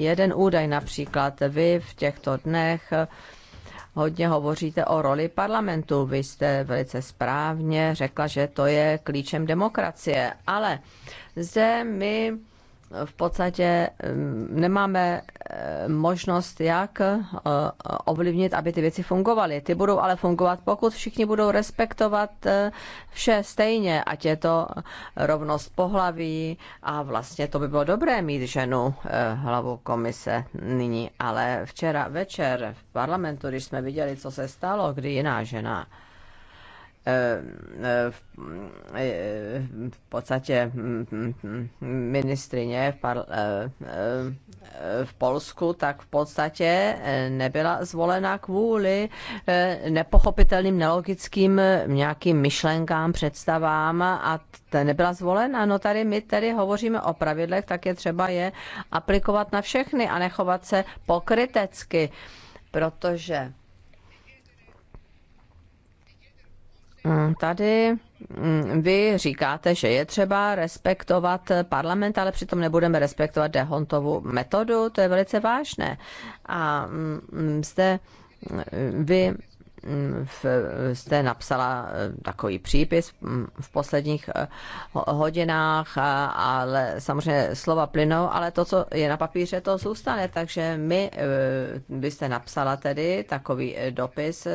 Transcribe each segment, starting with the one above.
Jeden údaj například vy v těchto dnech hodně hovoříte o roli parlamentu. Vy jste velice správně řekla, že to je klíčem demokracie, ale zde my v podstatě mm, nemáme eh, možnost, jak eh, ovlivnit, aby ty věci fungovaly. Ty budou ale fungovat, pokud všichni budou respektovat eh, vše stejně, ať je to rovnost pohlaví a vlastně to by bylo dobré mít ženu hlavu komise nyní, ale včera večer v parlamentu, když jsme viděli, co se stalo, kdy jiná žena v podstatě ministrině v, par, v Polsku, tak v podstatě nebyla zvolena kvůli nepochopitelným, nelogickým nějakým myšlenkám, představám a nebyla zvolena. No tady my tedy hovoříme o pravidlech, tak je třeba je aplikovat na všechny a nechovat se pokrytecky, protože Mm, tady mm, vy říkáte, že je třeba respektovat parlament, ale přitom nebudeme respektovat Dehontovu metodu, to je velice vážné. A mm, zde vy jste napsala eh, takový přípis mm, v posledních eh, hodinách, ale samozřejmě slova plynou, ale to, co je na papíře, to zůstane. Takže my byste eh, napsala tedy takový dopis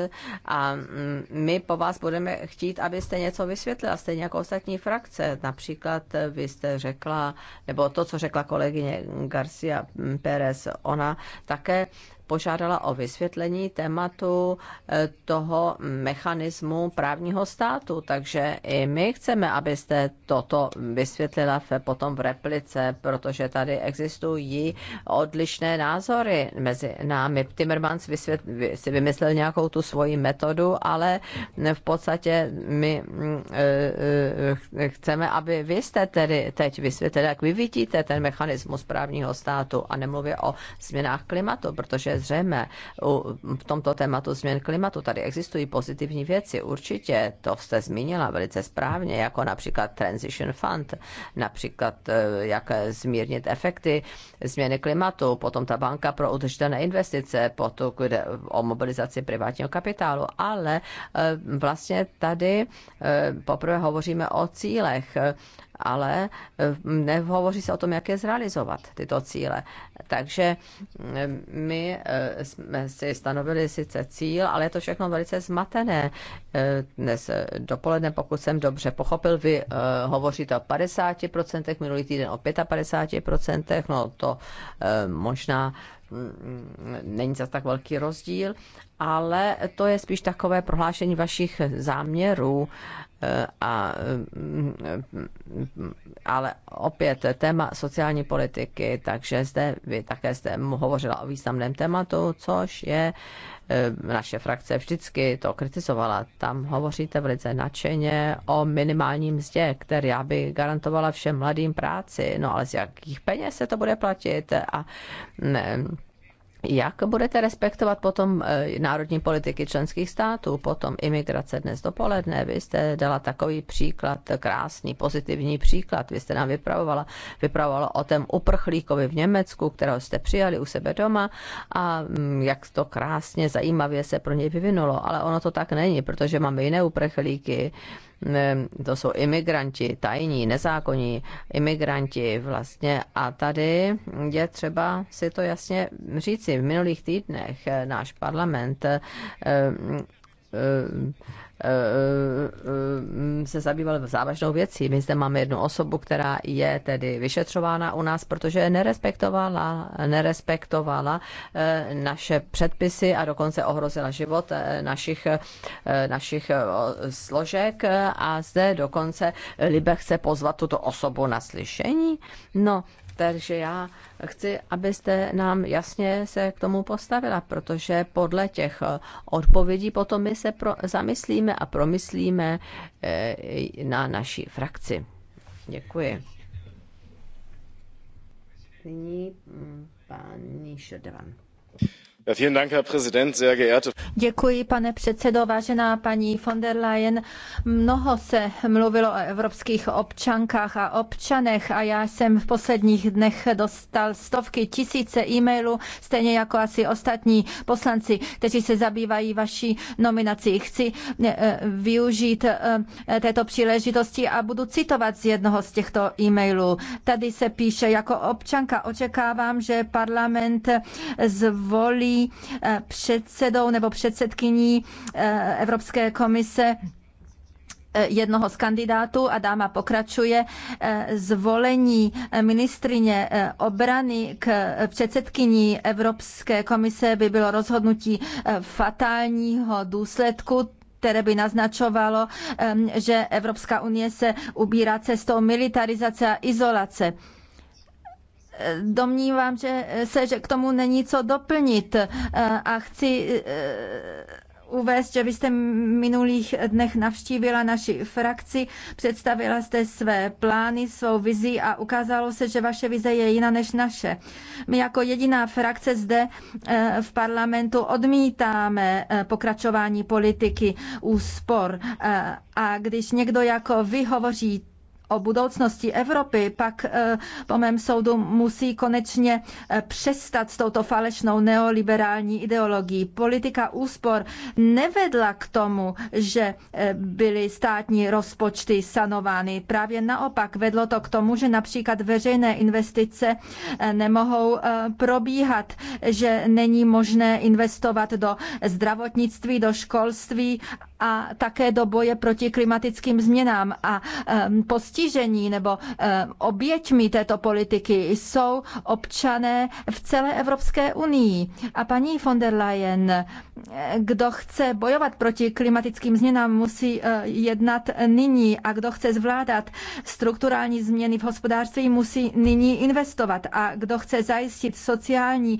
a mm, my po vás budeme chtít, abyste něco vysvětlila, stejně jako ostatní frakce. Například vy jste řekla, nebo to, co řekla kolegyně Garcia Pérez, ona také požádala o vysvětlení tématu eh, toho mechanismu právního státu. Takže i my chceme, abyste toto vysvětlila v, potom v replice, protože tady existují odlišné názory mezi námi. Timmermans vysvět, si vymyslel nějakou tu svoji metodu, ale v podstatě my mm, eh, eh, chceme, aby vy jste tedy teď vysvětlili, jak vy vidíte ten mechanismus právního státu a nemluvě o změnách klimatu, protože je zřejmé v tomto tématu změn klimatu. Tady existují pozitivní věci, určitě, to jste zmínila velice správně, jako například Transition Fund, například eh, jak zmírnit efekty změny klimatu, potom ta banka pro udržitelné investice, potom kde o mobilizaci privátního kapitálu, ale eh, vlastně tady eh, poprvé hovoříme o cílech ale eh, nehovoří se o tom, jak je zrealizovat tyto cíle. Takže mm, my eh, jsme si stanovili sice cíl, ale je to všechno velice zmatené. Eh, dnes dopoledne, pokud jsem dobře pochopil, vy hovoříte o 50%, minulý týden o 55%, no to možná mm, není za tak velký rozdíl, ale to je spíš takové prohlášení vašich záměrů a, mm, ale opět téma sociální politiky, takže zde vy také jste hovořila o významném tématu, což je eh, naše frakce vždycky to kritizovala. Tam hovoříte velice nadšeně o minimálním mzdě, já by garantovala všem mladým práci. No ale z jakých peněz se to bude platit? A ne, mm, jak budete respektovat potom e, národní politiky členských států, potom imigrace dnes dopoledne? Vy jste dala takový příklad, krásný, pozitivní příklad. Vy jste nám vypravovala, vypravovala o tom uprchlíkovi v Německu, kterého jste přijali u sebe doma a mm, jak to krásně, zajímavě se pro něj vyvinulo. Ale ono to tak není, protože máme jiné uprchlíky, to jsou imigranti, tajní, nezákonní imigranti vlastně. A tady je třeba si to jasně říci. V minulých týdnech náš parlament eh, eh, Eh, eh, se zabýval závažnou věcí. My zde máme jednu osobu, která je tedy vyšetřována u nás, protože nerespektovala, nerespektovala eh, naše předpisy a dokonce ohrozila život našich, našich složek a zde dokonce Libe chce pozvat tuto osobu na slyšení. No, takže já chci, abyste nám jasně se k tomu postavila, protože podle těch eh, odpovědí potom my se pro, zamyslíme a promyslíme eh, na naší frakci. Děkuji. Nyní mm, paní Šedevan. Děkuji, pane předsedo, vážená paní von der Leyen. Mnoho se mluvilo o evropských občankách a občanech a já jsem v posledních dnech dostal stovky tisíce e-mailů, stejně jako asi ostatní poslanci, kteří se zabývají vaší nominací. Chci eh, využít eh, této příležitosti a budu citovat z jednoho z těchto e-mailů. Tady se píše, jako občanka očekávám, že parlament zvolí Eh, předsedou nebo předsedkyní eh, Evropské komise eh, jednoho z kandidátů a dáma pokračuje zvolení ministrině obrany k předsedkyní Evropské komise by bylo rozhodnutí fatálního důsledku které by naznačovalo, že Evropská unie se ubírá cestou militarizace a izolace domnívám že se, že k tomu není co doplnit eh, a chci eh, uvést, že byste v minulých dnech navštívila naši frakci, představila jste své plány, svou vizi a ukázalo se, že vaše vize je jiná než naše. My jako jediná frakce zde eh, v parlamentu odmítáme pokračování politiky úspor. A když někdo jako vy hovoří o budoucnosti Evropy, pak eh, po mém soudu musí konečně eh, přestat s touto falešnou neoliberální ideologií. Politika úspor nevedla k tomu, že eh, byly státní rozpočty sanovány. Právě naopak vedlo to k tomu, že například veřejné investice nemohou probíhat, že není možné investovat do zdravotnictví, do školství a také do boje proti klimatickým změnám a postihovat postižení nebo eh, oběťmi této politiky jsou občané v celé Evropské unii. A paní von der Leyen, eh, kdo chce bojovat proti klimatickým změnám, musí eh, jednat nyní a kdo chce zvládat strukturální změny v hospodářství, musí nyní investovat. A kdo chce zajistit sociální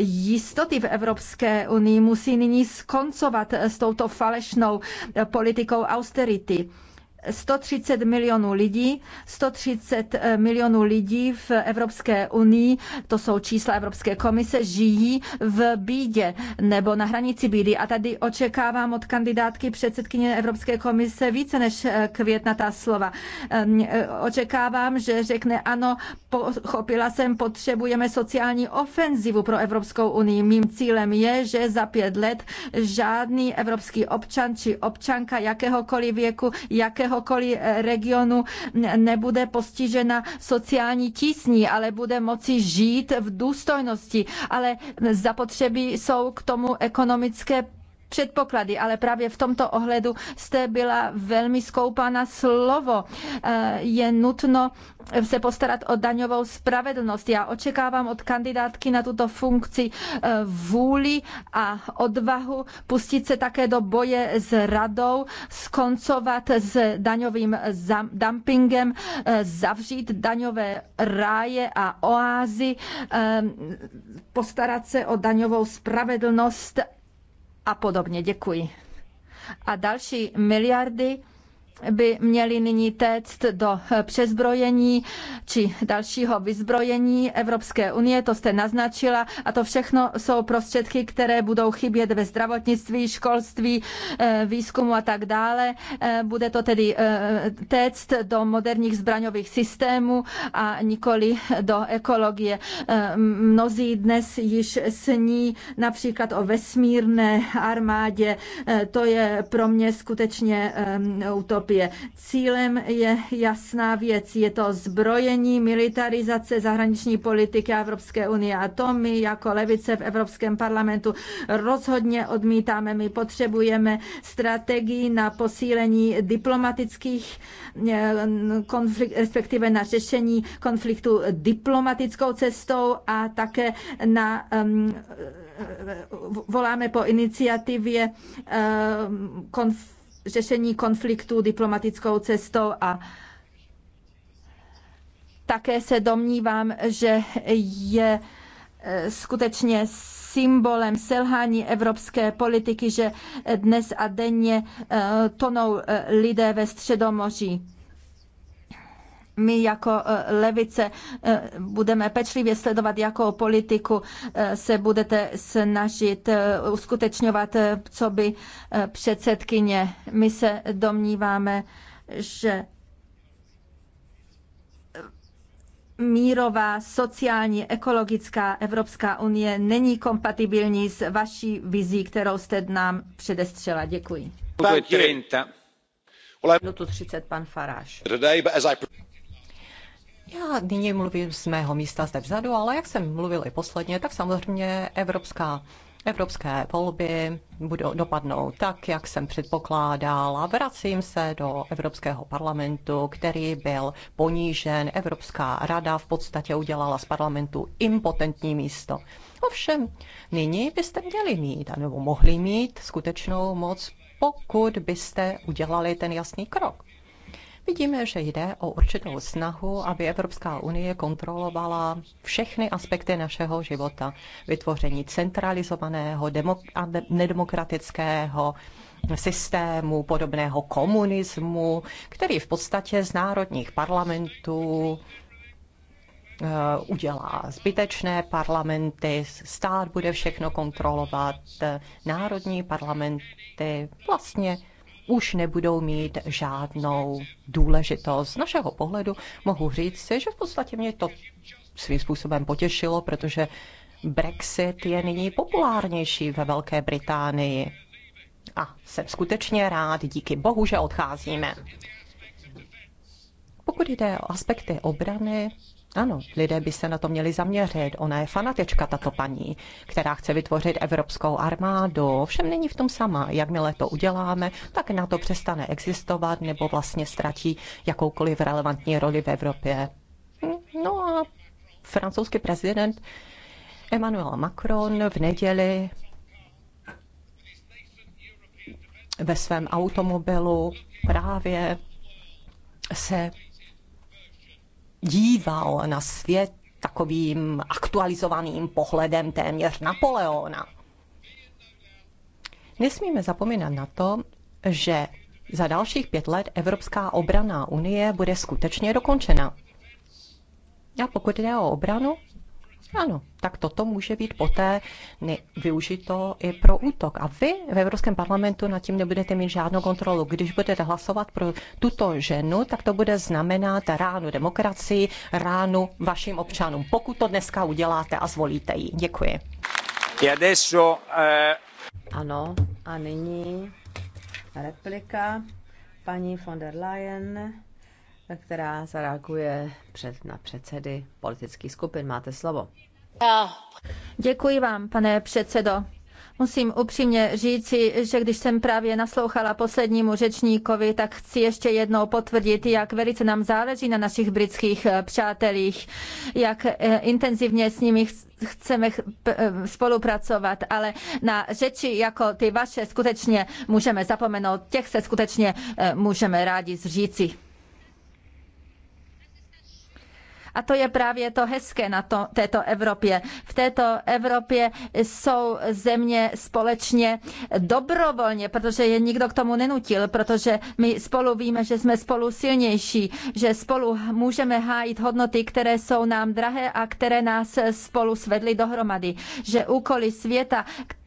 jistoty v Evropské unii, musí nyní skoncovat s touto falešnou politikou austerity. 130 milionů lidí, 130 eh, milionů lidí v Evropské unii, to jsou čísla Evropské komise, žijí v bídě nebo na hranici bídy. A tady očekávám od kandidátky předsedkyně Evropské komise více než eh, květnatá slova. Ehm, eh, očekávám, že řekne ano, pochopila jsem, potřebujeme sociální ofenzivu pro Evropskou unii. Mým cílem je, že za pět let žádný evropský občan či občanka jakéhokoliv věku, jakého okolí eh, regionu nebude postižena sociální tísní, ale bude moci žít v důstojnosti. Ale zapotřebí jsou k tomu ekonomické předpoklady, ale právě v tomto ohledu jste byla velmi skoupá na slovo. Eh, je nutno se postarat o daňovou spravedlnost. Já očekávám od kandidátky na tuto funkci eh, vůli a odvahu pustit se také do boje s radou, skoncovat s daňovým dumpingem, eh, zavřít daňové ráje a oázy, postarat se o daňovou spravedlnost a podobně. Děkuji. A další miliardy by měly nyní téct do přezbrojení či dalšího vyzbrojení Evropské unie, to jste naznačila, a to všechno jsou prostředky, které budou chybět ve zdravotnictví, školství, eh, výzkumu a tak dále. Eh, bude to tedy eh, téct do moderních zbraňových systémů a nikoli do ekologie. Mnozí dnes již sní například o vesmírné armádě. To je pro mě skutečně utopie Evropě. Cílem je jasná věc, je to zbrojení, militarizace zahraniční politiky Evropské unie a to my jako levice v Evropském parlamentu rozhodně odmítáme. My potřebujeme strategii na posílení diplomatických eh, konflikt, respektive na řešení konfliktu diplomatickou cestou a také na um, voláme po iniciativě um, konf- řešení konfliktu diplomatickou cestou a také se domnívám, že je e, skutečně symbolem selhání evropské politiky, že dnes a denně e, tonou e, lidé ve středomoří my jako eh, levice eh, budeme pečlivě sledovat, jakou politiku eh, se budete snažit uskutečňovat, co by předsedkyně. My se domníváme, že mírová, sociální, ekologická Evropská unie není kompatibilní s vaší vizí, kterou jste nám předestřela. Děkuji. Minutu 30, pan Faráš. Já nyní mluvím z mého místa zde vzadu, ale jak jsem mluvil i posledně, tak samozřejmě Evropská Evropské volby budou dopadnout tak, jak jsem předpokládal a vracím se do Evropského parlamentu, který byl ponížen. Evropská rada v podstatě udělala z parlamentu impotentní místo. Ovšem, nyní byste měli mít, nebo mohli mít skutečnou moc, pokud byste udělali ten jasný krok. Vidíme, že jde o určitou snahu, aby Evropská unie kontrolovala všechny aspekty našeho života. Vytvoření centralizovaného a nedemokratického systému podobného komunismu, který v podstatě z národních parlamentů eh, udělá zbytečné parlamenty, stát bude všechno kontrolovat, eh, národní parlamenty vlastně už nebudou mít žádnou důležitost. Z našeho pohledu mohu říct si, že v podstatě mě to svým způsobem potěšilo, protože Brexit je nyní populárnější ve Velké Británii. A jsem skutečně rád, díky bohu, že odcházíme. Pokud jde o aspekty obrany, ano, lidé by se na to měli zaměřit. Ona je fanatečka, tato paní, která chce vytvořit evropskou armádu. Všem není v tom sama. Jakmile to uděláme, tak na to přestane existovat nebo vlastně ztratí jakoukoliv relevantní roli v Evropě. Hm, no a francouzský prezident Emmanuel Macron v neděli ve svém automobilu právě se díval na svět takovým aktualizovaným pohledem téměř Napoleona. Nesmíme zapomínat na to, že za dalších pět let Evropská obraná unie bude skutečně dokončena. A pokud jde o obranu, ano, tak toto může být poté využito i pro útok. A vy v Evropském parlamentu nad tím nebudete mít žádnou kontrolu. Když budete hlasovat pro tuto ženu, tak to bude znamenat ránu demokracii, ránu vašim občanům. Pokud to dneska uděláte a zvolíte ji. Děkuji. Eh, ano, a nyní replika paní von der Leyen která zareaguje před, na předsedy politických skupin. Máte slovo. Děkuji vám, pane předsedo. Musím upřímně říci, že když jsem právě naslouchala poslednímu řečníkovi, tak chci ještě jednou potvrdit, jak velice nám záleží na našich britských eh, přátelích, jak eh, intenzivně s nimi chceme eh, spolupracovat, ale na řeči jako ty vaše skutečně můžeme zapomenout, těch se skutečně můžeme rádi zříci. A to je právě to hezké na to, této Evropě. V této Evropě jsou země společně dobrovolně, protože je nikdo k tomu nenutil, protože my spolu víme, že jsme spolu silnější, že spolu můžeme hájit hodnoty, které jsou nám drahé a které nás spolu svedly dohromady. Že úkoly světa,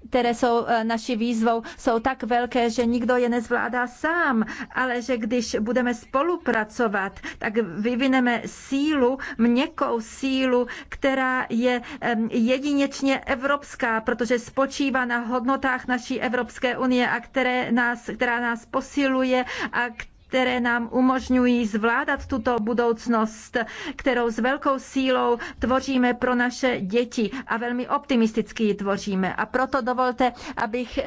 které jsou eh, naší výzvou, jsou tak velké, že nikdo je nezvládá sám, ale že když budeme spolupracovat, tak vyvineme sílu, měkkou sílu, která je jedinečně evropská, protože spočívá na hodnotách naší Evropské unie a které nás, která nás posiluje a která které nám umožňují zvládat tuto budoucnost, kterou s velkou sílou tvoříme pro naše děti a velmi optimisticky ji tvoříme. A proto dovolte, abych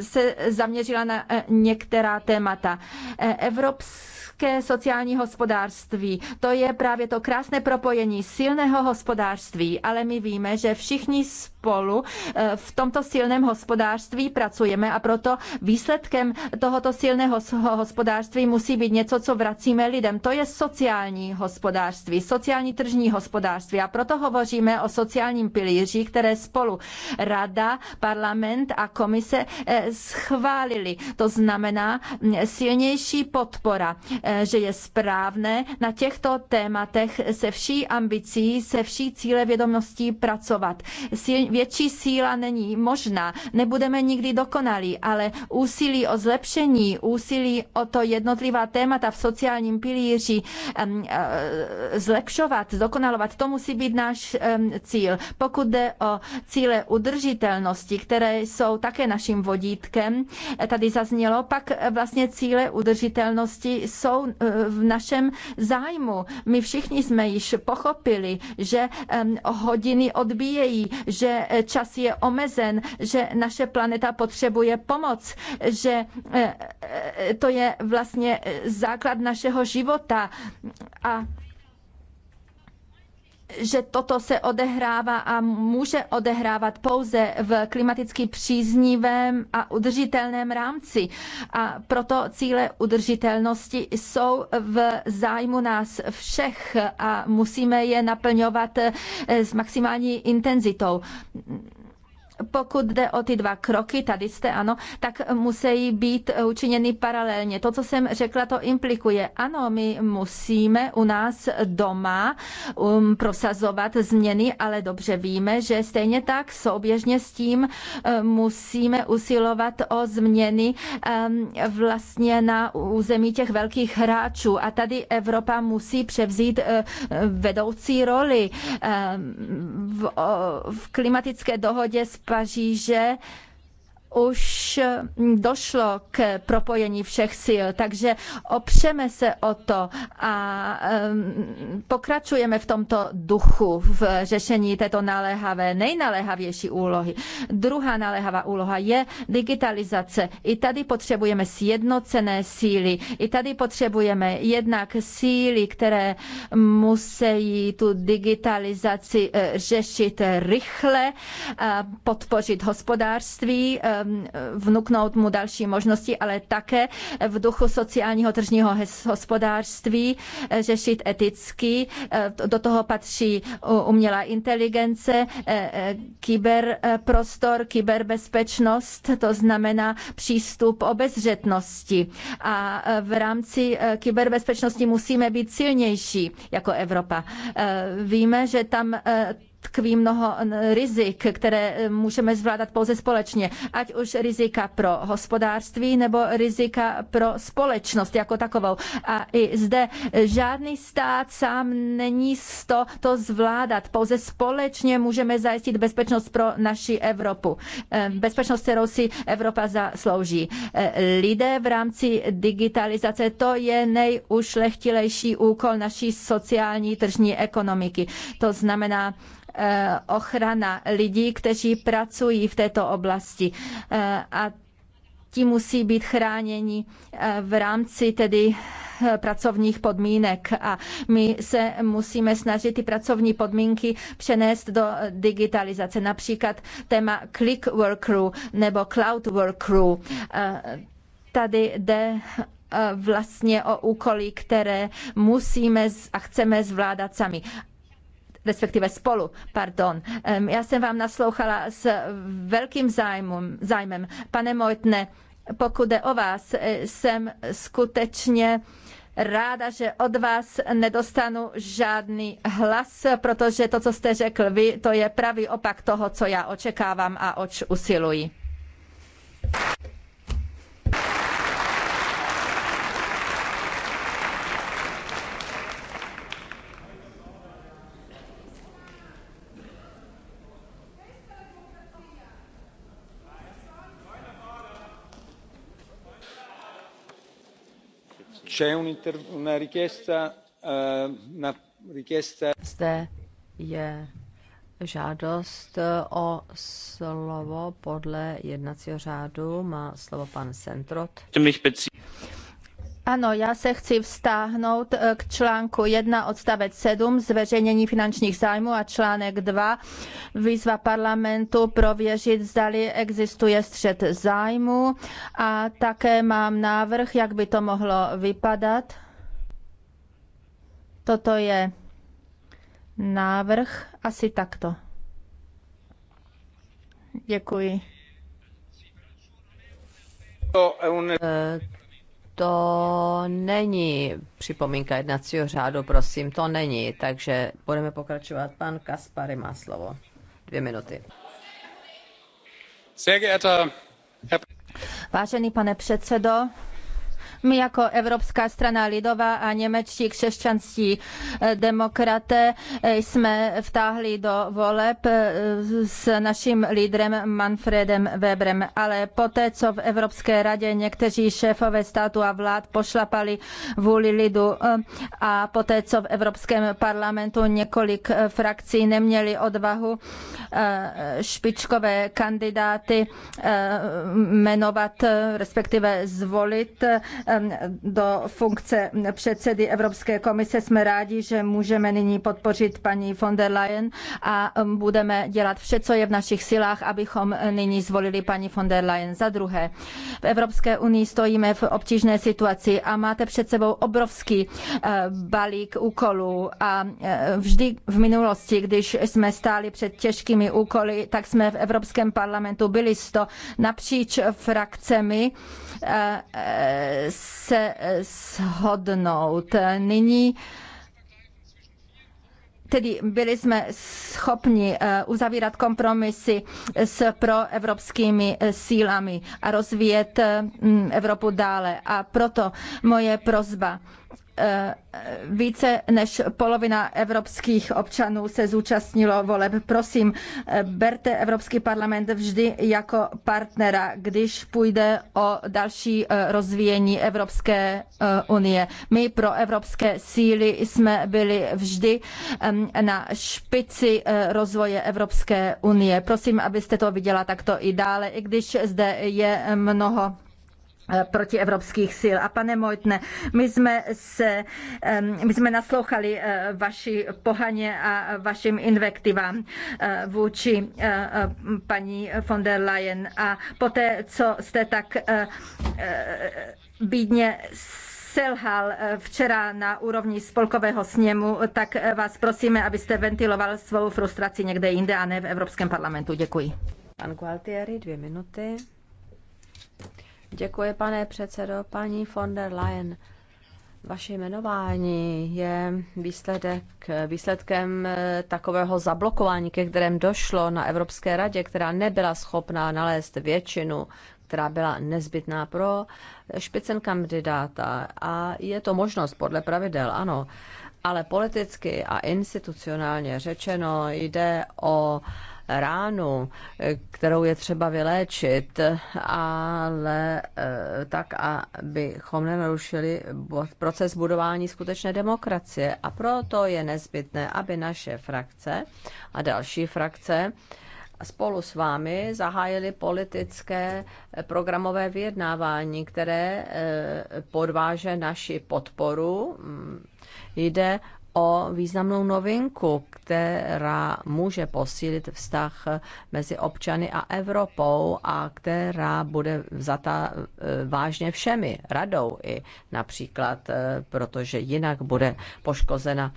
se zaměřila na eh, některá témata. Eh, evropské sociální hospodářství. To je právě to krásné propojení silného hospodářství, ale my víme, že všichni spolu eh, v tomto silném hospodářství pracujeme a proto výsledkem tohoto silného hospodářství musí být něco, co vracíme lidem. To je sociální hospodářství, sociální tržní hospodářství a proto hovoříme o sociálním pilíři, které spolu Rada, parlament a komise eh, schválili. To znamená mm, silnější podpora, eh, že je správné na těchto tématech se vší ambicí, se vší cíle vědomostí pracovat. Silně větší síla není možná. Nebudeme nikdy dokonalí, ale úsilí o zlepšení, úsilí o to jednotlivá témata v sociálním pilíři eh, zlepšovat, zdokonalovat, to musí být náš cíl. Pokud jde o cíle udržitelnosti, které jsou také naším vodítkem, eh, tady zaznělo, pak eh, vlastně cíle udržitelnosti jsou v našem zájmu. My všichni jsme již pochopili, že hodiny odbíjejí, že čas je omezen, že naše planeta potřebuje pomoc, že eh, eh, to je vlastně eh, základ našeho života a že toto se odehrává a může odehrávat pouze v klimaticky příznivém a udržitelném rámci. A proto cíle udržitelnosti jsou v zájmu nás všech a musíme je naplňovat s maximální intenzitou pokud jde o ty dva kroky, tady jste ano, tak musí být učiněny paralelně. To, co jsem řekla, to implikuje. Ano, my musíme u nás doma um, prosazovat změny, ale dobře víme, že stejně tak souběžně s tím um, musíme usilovat o změny um, vlastně na území těch velkých hráčů. A tady Evropa musí převzít uh, vedoucí roli um, v, uh, v klimatické dohodě s Paříže už mm, došlo k propojení všech sil, takže opřeme se o to a mm, pokračujeme v tomto duchu v řešení této naléhavé, nejnaléhavější úlohy. Druhá naléhavá úloha je digitalizace. I tady potřebujeme sjednocené síly. I tady potřebujeme jednak síly, které musí tu digitalizaci eh, řešit rychle, podpořit hospodářství, eh, Eh, vnuknout mu další možnosti, ale také v duchu sociálního tržního hospodářství eh, řešit eticky. Eh, do toho patří umělá inteligence, kyberprostor, kyberbezpečnost, to znamená přístup obezřetnosti. A v rámci kyberbezpečnosti musíme být silnější jako Evropa. Víme, že tam tkví mnoho rizik, které e, můžeme zvládat pouze společně. Ať už rizika pro hospodářství nebo rizika pro společnost jako takovou. A i zde e, žádný stát sám není to, to zvládat. Pouze společně můžeme zajistit bezpečnost pro naši Evropu. E, bezpečnost, kterou si Evropa zaslouží. Lidé v rámci digitalizace, to je nejušlechtilejší úkol naší sociální tržní ekonomiky. To znamená, Eh, ochrana lidí, kteří pracují v této oblasti. Eh, a ti musí být chráněni eh, v rámci tedy pracovních podmínek a my se musíme snažit ty pracovní podmínky přenést do digitalizace, například téma click workru nebo cloud workru. Tady jde vlastně o úkoly, které musíme a chceme zvládat sami respektive spolu, pardon. Já jsem vám naslouchala s velkým zájmem, zájmem. pane Mojtne, pokud jde o vás, e, jsem skutečně ráda, že od vás nedostanu žádný hlas, protože to, co jste řekl vy, to je pravý opak toho, co já očekávám a oč usiluji. Eh, Zde je žádost o slovo podle jednacího řádu. Má slovo pan Centrot. Ano, já se chci vztáhnout eh, k článku 1 odstavec 7 zveřejnění finančních zájmů a článek 2 výzva parlamentu prověřit, zdali existuje střed zájmu a také mám návrh, jak by to mohlo vypadat. Toto je návrh asi takto. Děkuji to není připomínka jednacího řádu, prosím, to není. Takže budeme pokračovat. Pan Kaspary má slovo. Dvě minuty. Vážený pane předsedo, my jako Evropská strana lidová a němečtí křesťanští eh, demokraté eh, jsme vtáhli do voleb eh, s naším lídrem Manfredem Weberem, ale poté, co v Evropské radě někteří šéfové státu a vlád pošlapali vůli lidu a poté, co v Evropském parlamentu několik frakcí neměli odvahu špičkové kandidáty jmenovat, respektive zvolit, do funkce předsedy Evropské komise. Jsme rádi, že můžeme nyní podpořit paní von der Leyen a budeme dělat vše, co je v našich silách, abychom nyní zvolili paní von der Leyen. Za druhé, v Evropské unii stojíme v obtížné situaci a máte před sebou obrovský eh, balík úkolů a eh, vždy v minulosti, když jsme stáli před těžkými úkoly, tak jsme v Evropském parlamentu byli sto napříč frakcemi eh, se eh, shodnout. Nyní Tedy byli jsme schopni eh, uzavírat kompromisy s proevropskými eh, sílami a rozvíjet Evropu dále. A proto moje prozba Eh, více než polovina evropských občanů se zúčastnilo voleb. Prosím, eh, berte Evropský parlament vždy jako partnera, když půjde o další eh, rozvíjení Evropské unie. My pro evropské síly jsme byli vždy na špici rozvoje Evropské unie. Prosím, abyste to viděla takto i dále, i když zde je mnoho Eh, proti evropských sil. A pane Mojtne, my jsme, se, my jsme naslouchali eh, vaši pohaně a vašim invektivám eh, vůči paní von der Leyen. A poté, co jste tak bídně selhal včera na úrovni spolkového sněmu, tak vás prosíme, abyste ventiloval svou frustraci někde jinde a ne v Evropském parlamentu. Děkuji. Pan Gualtieri, dvě minuty. Děkuji, pane předsedo. Paní von der Leyen, vaše jmenování je výsledek, výsledkem eh, takového zablokování, ke kterém došlo na Evropské radě, která nebyla schopná nalézt většinu, která byla nezbytná pro špicen kandidáta. A je to možnost podle pravidel, ano. Ale politicky a institucionálně řečeno jde o uh, ránu, kterou je třeba vyléčit, ale eh, tak, abychom nenarušili proces budování skutečné demokracie. A proto je nezbytné, aby naše frakce a další frakce spolu s vámi zahájili politické eh, programové vyjednávání, které eh, podváže naši podporu. Mm, jde o významnou novinku, která může posílit vztah mezi občany a Evropou a která bude vzata e, vážně všemi, radou i například, e, protože jinak bude poškozena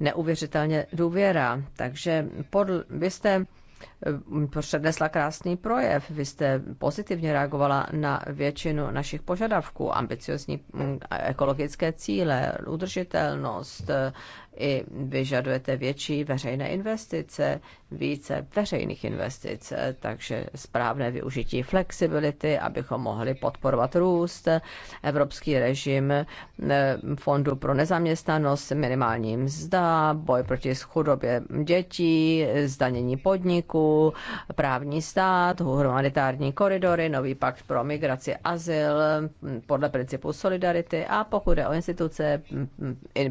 neuvěřitelně důvěra. Takže podl, byste Ehm, přednesla krásný projev. Vy jste pozitivně reagovala na většinu našich požadavků, ambiciozní mm, ekologické cíle, udržitelnost, eh, i vyžadujete větší veřejné investice, více veřejných investic, eh, takže správné využití flexibility, abychom mohli podporovat růst, evropský režim eh, fondu pro nezaměstnanost, minimální mzda, boj proti chudobě dětí, zdanění podniků, právní stát, humanitární koridory, nový pakt pro migraci, azyl podle principu solidarity a pokud je o instituce,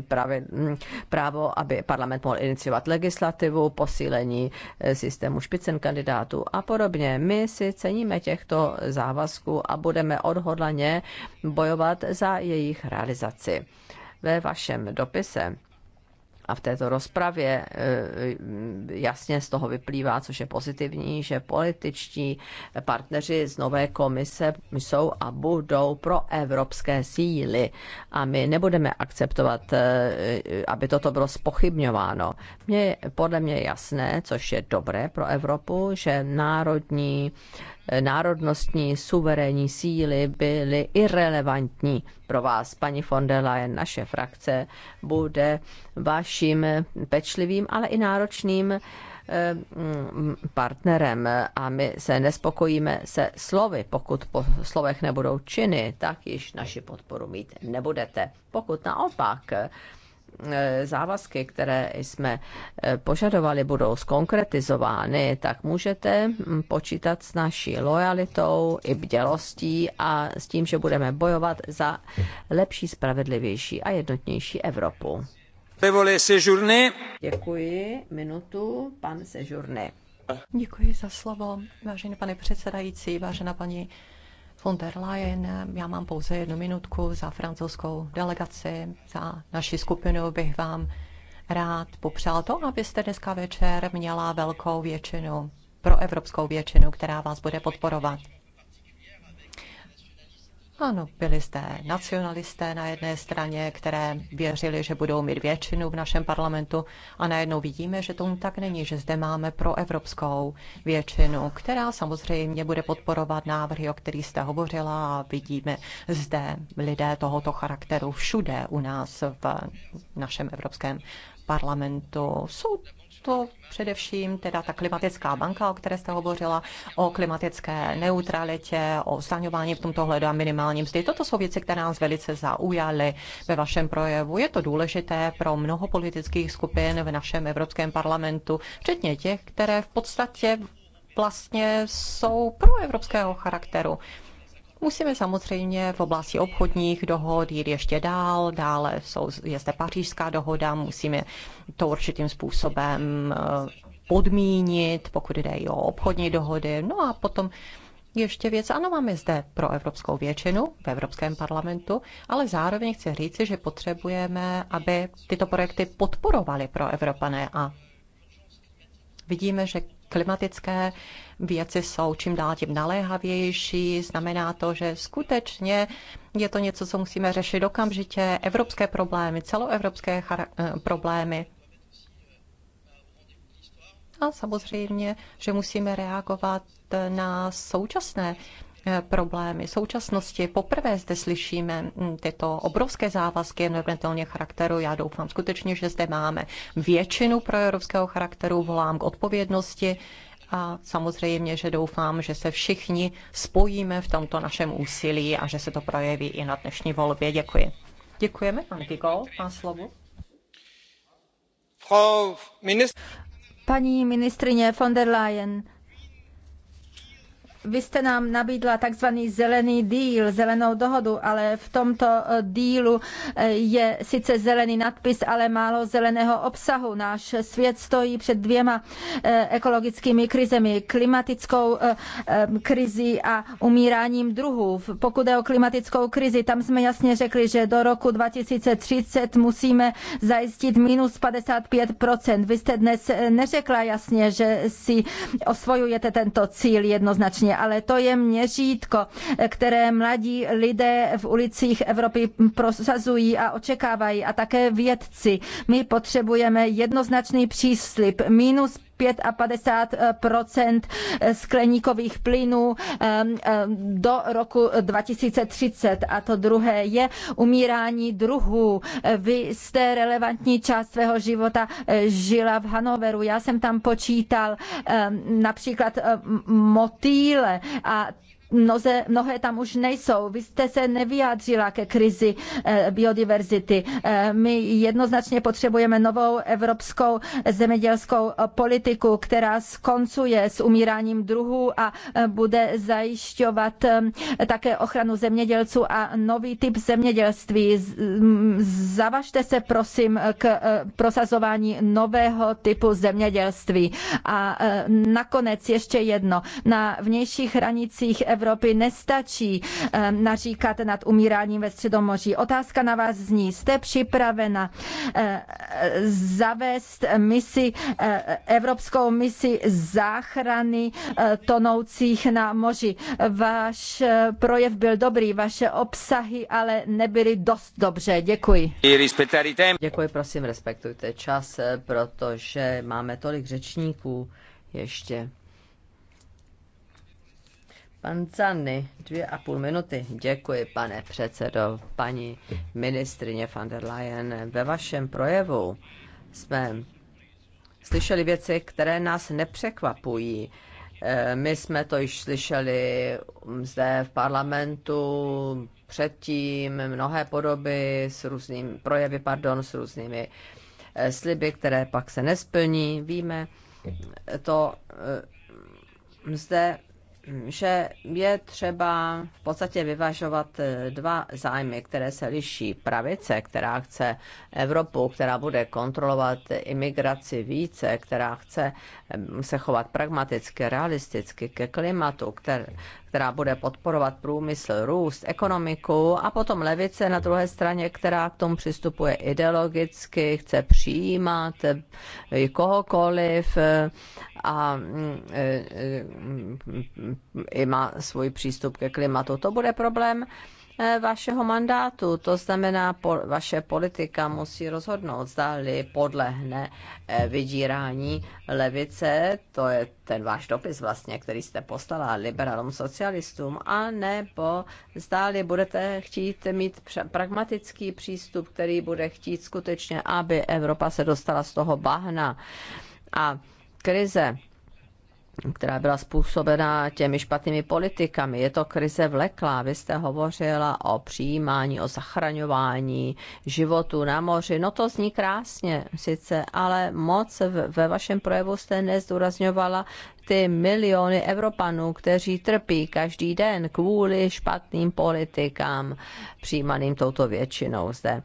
právě, mm, právo, aby parlament mohl iniciovat legislativu, posílení eh, systému špicen kandidátů a podobně. My si ceníme těchto závazků a budeme odhodlaně bojovat za jejich realizaci. Ve vašem dopise a v této rozpravě e, jasně z toho vyplývá, což je pozitivní, že političtí partneři z nové komise jsou a budou pro evropské síly. A my nebudeme akceptovat, e, aby toto bylo spochybňováno. Mě, podle mě je jasné, což je dobré pro Evropu, že národní národnostní suverénní síly byly irrelevantní pro vás. Paní von der Leyen, naše frakce bude vaším pečlivým, ale i náročným eh, mm, partnerem a my se nespokojíme se slovy. Pokud po slovech nebudou činy, tak již naši podporu mít nebudete. Pokud naopak E, závazky, které jsme e, požadovali, budou skonkretizovány, tak můžete počítat s naší lojalitou i bdělostí a s tím, že budeme bojovat za lepší, spravedlivější a jednotnější Evropu. Děkuji. Minutu, pan Sežurny. Děkuji za slovo, vážený pane předsedající, vážená paní von der Leyen. Já mám pouze jednu minutku za francouzskou delegaci, za naši skupinu bych vám rád popřál to, abyste dneska večer měla velkou většinu, pro evropskou většinu, která vás bude podporovat. Ano, byli zde nacionalisté na jedné straně, které věřili, že budou mít většinu v našem parlamentu a najednou vidíme, že tomu tak není, že zde máme proevropskou většinu, která samozřejmě bude podporovat návrhy, o kterých jste hovořila a vidíme zde lidé tohoto charakteru všude u nás v našem Evropském parlamentu. Jsou to především teda ta klimatická banka, o které jste hovořila, o klimatické neutralitě, o stáňování v tomto hledu a minimálním mzdy. Toto jsou věci, které nás velice zaujaly ve vašem projevu. Je to důležité pro mnoho politických skupin v našem Evropském parlamentu, včetně těch, které v podstatě vlastně jsou pro evropského charakteru. Musíme samozřejmě v oblasti obchodních dohod jít ještě dál, dále jsou, je zde pařížská dohoda, musíme to určitým způsobem eh, podmínit, pokud jde i o obchodní dohody. No a potom ještě věc, ano, máme zde pro evropskou většinu v Evropském parlamentu, ale zároveň chci říci, že potřebujeme, aby tyto projekty podporovaly pro Evropané a vidíme, že klimatické věci jsou čím dál tím naléhavější. Znamená to, že skutečně je to něco, co musíme řešit okamžitě. Evropské problémy, celoevropské eh, problémy. A samozřejmě, že musíme reagovat na současné E, problémy současnosti. Poprvé zde slyšíme mm, tyto obrovské závazky environmentálního charakteru. Já doufám skutečně, že zde máme většinu pro evropského charakteru, volám k odpovědnosti a samozřejmě, že doufám, že se všichni spojíme v tomto našem úsilí a že se to projeví i na dnešní volbě. Děkuji. Děkujeme. Pan Gigol má slovo. Paní ministrině von der Leyen, vy jste nám nabídla takzvaný zelený díl, zelenou dohodu, ale v tomto eh, dílu eh, je sice zelený nadpis, ale málo zeleného obsahu. Náš svět stojí před dvěma eh, ekologickými krizemi, klimatickou krizi a umíráním druhů. Pokud je o klimatickou krizi, tam jsme jasně řekli, že do roku 2030 musíme zajistit minus 55 Vy jste dnes neřekla jasně, že si osvojujete tento cíl jednoznačně skutečně, ale to je měřítko, které mladí lidé v ulicích Evropy prosazují a očekávají a také vědci. My potřebujeme jednoznačný příslip. Minus 55 skleníkových plynů do roku 2030. A to druhé je umírání druhů. Vy jste relevantní část svého života eh, žila v Hanoveru. Já jsem tam počítal například eh, motýle a mnoze, mnohé tam už nejsou. Vy jste se nevyjádřila ke krizi eh, biodiverzity. Eh, my jednoznačně potřebujeme novou evropskou zemědělskou eh, politiku, která skoncuje s umíráním druhů a bude zajišťovat také ochranu zemědělců a nový typ zemědělství. Mm, zavažte se prosím k prosazování nového typu zemědělství. A nakonec ještě jedno. Na vnějších hranicích Evropy Evropy nestačí eh, naříkat nad umíráním ve Středomoří. Otázka na vás zní, jste připravena eh, zavést misi, eh, evropskou misi záchrany tonoucích na moři. Váš projev byl dobrý, vaše obsahy ale nebyly dost dobře. Děkuji. Děkuji, prosím, respektujte čas, protože máme tolik řečníků ještě. Pan Canny, dvě a půl minuty. Děkuji, pane předsedo, paní ministrině van der Leyen. Ve vašem projevu jsme slyšeli věci, které nás nepřekvapují. Eh, my jsme to již slyšeli zde v parlamentu předtím, mnohé podoby s různými projevy, pardon, s různými eh, sliby, které pak se nesplní. Víme to eh, zde že je třeba v podstatě vyvažovat eh, dva zájmy, které se liší. Pravice, která chce Evropu, která bude kontrolovat imigraci více, která chce eh, se chovat pragmaticky, realisticky ke klimatu, která bude podporovat průmysl, růst, ekonomiku a potom levice na druhé straně, která k tomu přistupuje ideologicky, chce přijímat kohokoliv a mm, e, e, mm, i má svůj přístup ke klimatu. To bude problém Eh, vašeho mandátu. To znamená, po, vaše politika musí rozhodnout, zda-li podlehne eh, vydírání levice, to je ten váš dopis vlastně, který jste poslala liberálům socialistům, a nebo zdáli budete chtít mít pragmatický přístup, který bude chtít skutečně, aby Evropa se dostala z toho bahna. A krize která byla způsobena těmi špatnými politikami. Je to krize vleklá. Vy jste hovořila o přijímání, o zachraňování životu na moři. No to zní krásně sice, ale moc ve vašem projevu jste nezdůrazňovala ty miliony Evropanů, kteří trpí každý den kvůli špatným politikám přijímaným touto většinou zde.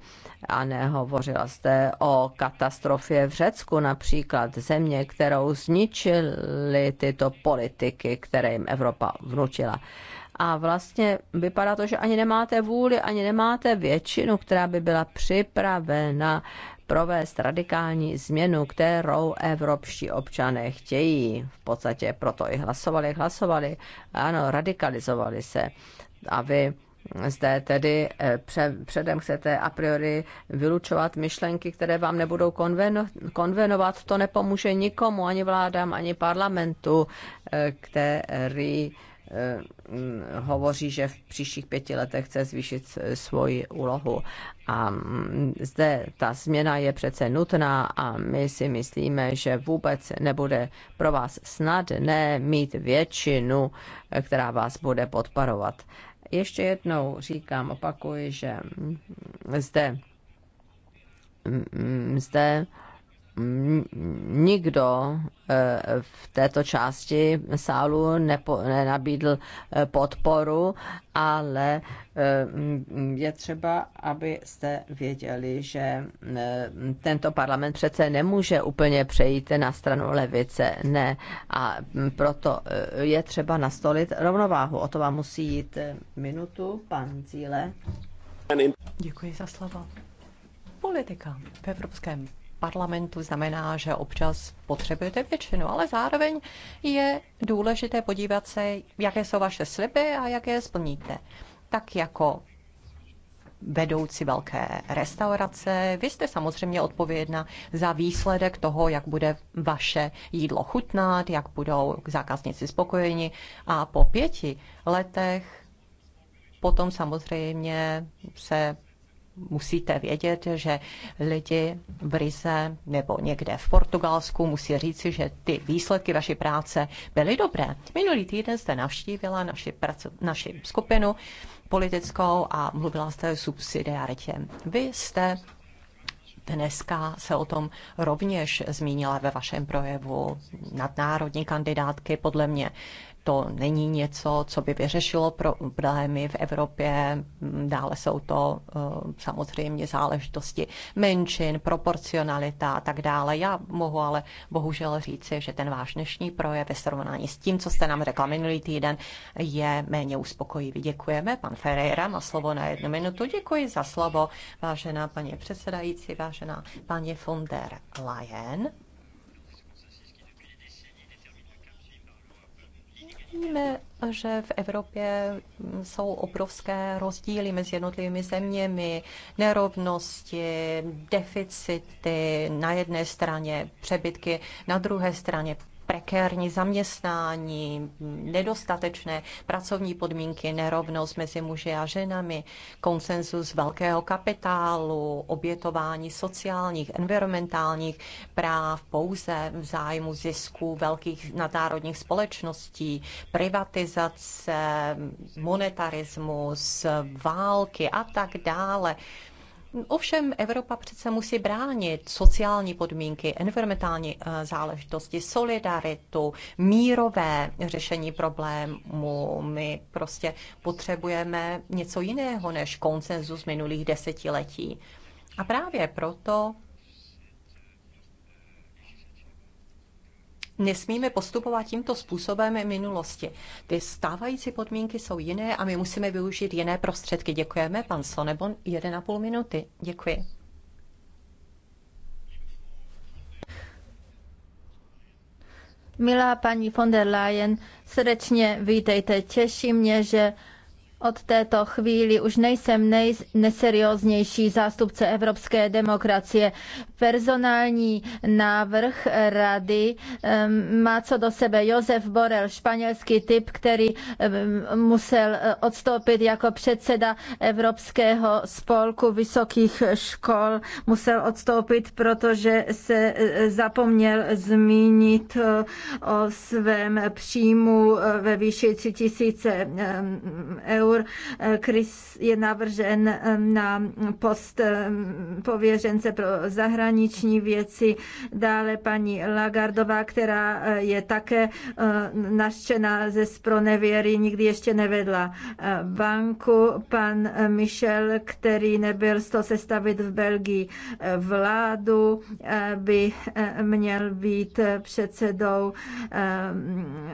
A nehovořila jste o katastrofě v Řecku například, země, kterou zničily tyto politiky, které jim Evropa vnutila. A vlastně vypadá to, že ani nemáte vůli, ani nemáte většinu, která by byla připravena provést radikální změnu, kterou evropští občané chtějí. V podstatě proto i hlasovali, hlasovali, ano, radikalizovali se. A vy zde tedy eh, předem chcete a priori vylučovat myšlenky, které vám nebudou konvenovat. To nepomůže nikomu, ani vládám, ani parlamentu, eh, který Eh, mm, hovoří, že v příštích pěti letech chce zvýšit svoji úlohu. A mm, zde ta změna je přece nutná a my si myslíme, že vůbec nebude pro vás snadné mít většinu, eh, která vás bude podporovat. Ještě jednou říkám, opakuji, že mm, zde, zde nikdo eh, v této části sálu nenabídl eh, podporu, ale eh, je třeba, abyste věděli, že tento parlament přece nemůže úplně přejít na stranu levice, ne. A proto je třeba nastolit rovnováhu. O to vám musí jít minutu, pan Cíle. Děkuji za slovo. Politika v Evropském parlamentu znamená, že občas potřebujete většinu, ale zároveň je důležité podívat se, jaké jsou vaše sliby a jaké splníte. Tak jako vedoucí velké restaurace. Vy jste samozřejmě odpovědna za výsledek toho, jak bude vaše jídlo chutnat, jak budou zákazníci spokojeni. A po pěti letech potom samozřejmě se musíte vědět, že lidi v Rize nebo někde v Portugalsku musí říci, že ty výsledky vaší práce byly dobré. Minulý týden jste navštívila naši, praco- naši skupinu politickou a mluvila jste o subsidiaritě. Vy jste Dneska se o tom rovněž zmínila ve vašem projevu nadnárodní kandidátky podle mě to není něco, co by vyřešilo problémy v Evropě. Dále jsou to eh, samozřejmě záležitosti menšin, proporcionalita a tak dále. Já mohu ale bohužel říci, že ten váš dnešní projev ve srovnání s tím, co jste nám řekla minulý týden, je méně uspokojivý. Děkujeme. Pan Ferreira má slovo na jednu minutu. Děkuji za slovo, vážená paní předsedající, vážená paní von der Leyen. Víme, že v Evropě jsou obrovské rozdíly mezi jednotlivými zeměmi, nerovnosti, deficity na jedné straně, přebytky na druhé straně prekérní zaměstnání, nedostatečné pracovní podmínky, nerovnost mezi muži a ženami, konsenzus velkého kapitálu, obětování sociálních, environmentálních práv pouze v zájmu zisku velkých nadnárodních společností, privatizace, monetarismus, války a tak dále. Ovšem Evropa přece musí bránit sociální podmínky, environmentální eh, záležitosti, solidaritu, mírové řešení problémů. My prostě potřebujeme něco jiného než koncenzus minulých desetiletí. A právě proto nesmíme postupovat tímto způsobem minulosti. Ty stávající podmínky jsou jiné a my musíme využít jiné prostředky. Děkujeme, pan Sonebon, půl minuty. Děkuji. Milá paní von der Leyen, srdečně vítejte. Těší mě, že od této chvíli už nejsem nejneserióznější zástupce evropské demokracie personální návrh rady má co do sebe Josef Borel, španělský typ, který musel e, odstoupit jako předseda Evropského spolku vysokých škol. Musel odstoupit, protože se e, zapomněl zmínit e, o svém příjmu ve výši 3000 eur. Chris je navržen na post pověřence pro zahraničí zahraniční věci, dále paní Lagardová, která eh, je také eh, naštěná ze spronevěry, nikdy ještě nevedla eh, banku, pan Michel, který nebyl to sestavit v Belgii vládu, by měl být předsedou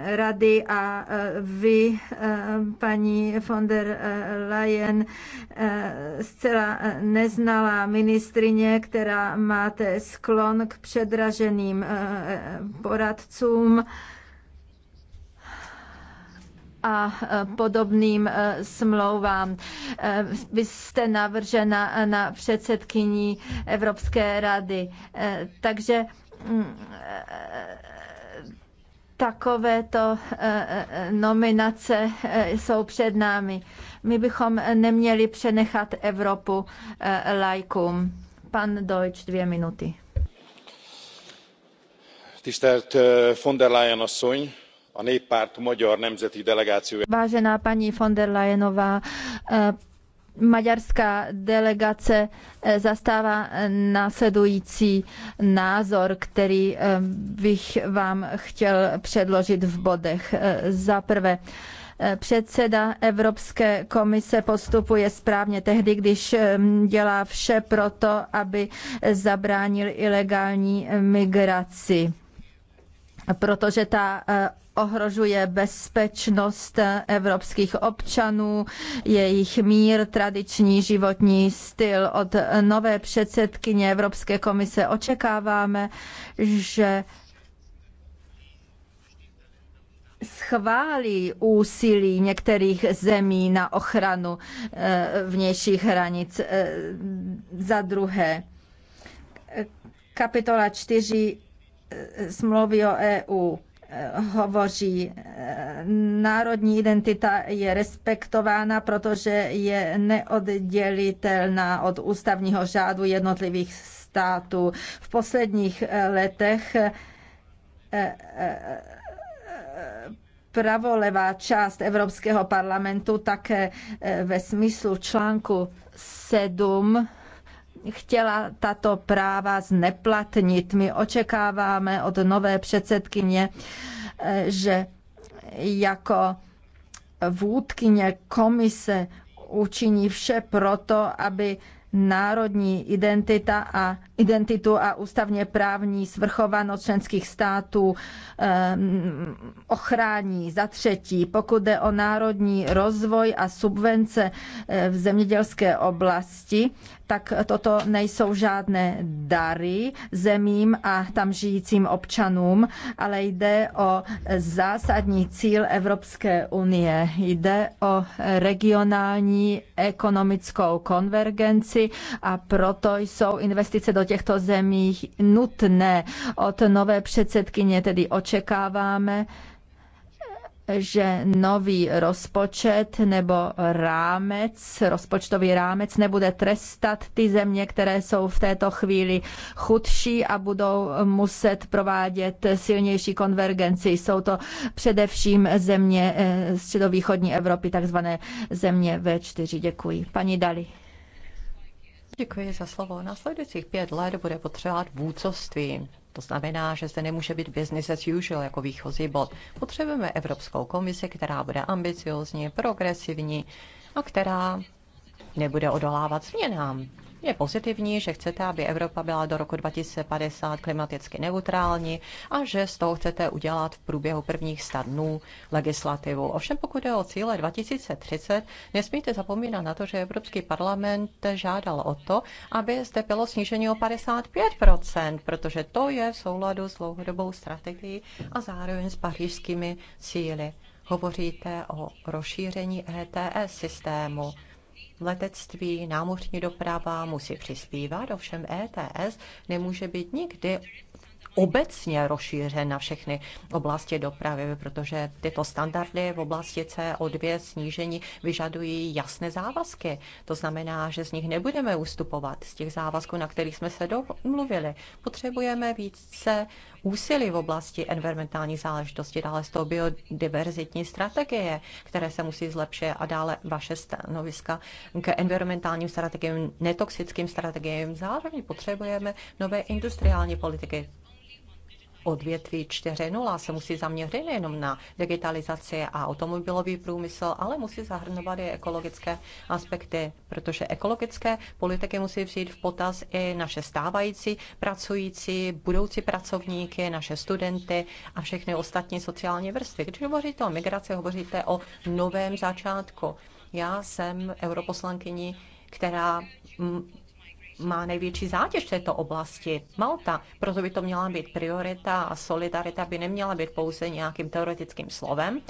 rady a vy, paní von der Leyen, zcela neznalá ministrině, která má máte sklon k předraženým eh, eh, poradcům a eh, podobným smlouvám. Vy jste navržena na předsedkyní Evropské rady. Takže mm, takovéto nominace jsou před námi. My bychom neměli přenechat Evropu lajkům. Pan Deutsch, dvě minuty. Tisztelt eh, von der Leyen asszony, a néppárt magyar nemzeti delegációja. Vážená paní von der Leyenová, eh, maďarská delegace eh, zastává eh, následující názor, který eh, bych vám chtěl předložit v bodech. Za prvé, předseda Evropské komise postupuje správně tehdy, když dělá vše proto, aby zabránil ilegální migraci protože ta eh, ohrožuje bezpečnost eh, evropských občanů, jejich mír, tradiční životní styl. Od eh, nové předsedkyně Evropské komise očekáváme, že schválí úsilí některých zemí na ochranu vnějších hranic. Za druhé, kapitola 4 smlouvy o EU eh, hovoří. Eh, národní identita je respektována, protože je neoddělitelná od ústavního řádu jednotlivých států. V posledních eh, letech pravolevá část Evropského parlamentu také ve smyslu článku 7 chtěla tato práva zneplatnit. My očekáváme od nové předsedkyně, eh, že jako vůdkyně komise učiní vše proto, aby národní identita a identitu a ústavně právní svrchovanost členských států ehm, ochrání. Za třetí, pokud jde o národní rozvoj a subvence eh, v zemědělské oblasti, tak toto nejsou žádné dary zemím a tam žijícím občanům, ale jde o zásadní cíl Evropské unie. Jde o regionální ekonomickou konvergenci a proto jsou investice do těchto zemích nutné. Od nové předsedkyně tedy očekáváme, že nový rozpočet nebo rámec, rozpočtový rámec nebude trestat ty země, které jsou v této chvíli chudší a budou muset provádět silnější konvergenci. Jsou to především země eh, středovýchodní Evropy, takzvané země V4. Děkuji. Paní Dali. Děkuji za slovo. Následujících pět let bude potřebovat vůdcovství. To znamená, že zde nemůže být business as usual jako výchozí bod. Potřebujeme Evropskou komisi, která bude ambiciozní, progresivní a která nebude odolávat změnám. Je pozitivní, že chcete, aby Evropa byla do roku 2050 klimaticky neutrální a že z toho chcete udělat v průběhu prvních sta dnů legislativu. Ovšem pokud je o cíle 2030, nesmíte zapomínat na to, že Evropský parlament žádal o to, aby zde bylo snížení o 55%, protože to je v souladu s dlouhodobou strategií a zároveň s pařížskými cíly. Hovoříte o rozšíření ETS systému letectví, námořní doprava musí přispívat, ovšem ETS nemůže být nikdy obecně rozšířen na všechny oblasti dopravy, protože tyto standardy v oblasti CO2 snížení vyžadují jasné závazky. To znamená, že z nich nebudeme ustupovat, z těch závazků, na kterých jsme se domluvili. Potřebujeme více úsilí v oblasti environmentální záležitosti, dále z toho biodiverzitní strategie, které se musí zlepšit a dále vaše stanoviska k environmentálním strategiím, netoxickým strategiím. Zároveň potřebujeme nové industriální politiky, odvětví 4.0 se musí zaměřit nejenom na digitalizaci a automobilový průmysl, ale musí zahrnovat i ekologické aspekty, protože ekologické politiky musí vzít v potaz i naše stávající pracující, budoucí pracovníky, naše studenty a všechny ostatní sociální vrstvy. Když hovoříte o migraci, hovoříte o novém začátku. Já jsem europoslankyní, která mm, má největší zátěž v této oblasti, Malta. Proto by to měla být priorita a solidarita by neměla být pouze nějakým teoretickým slovem,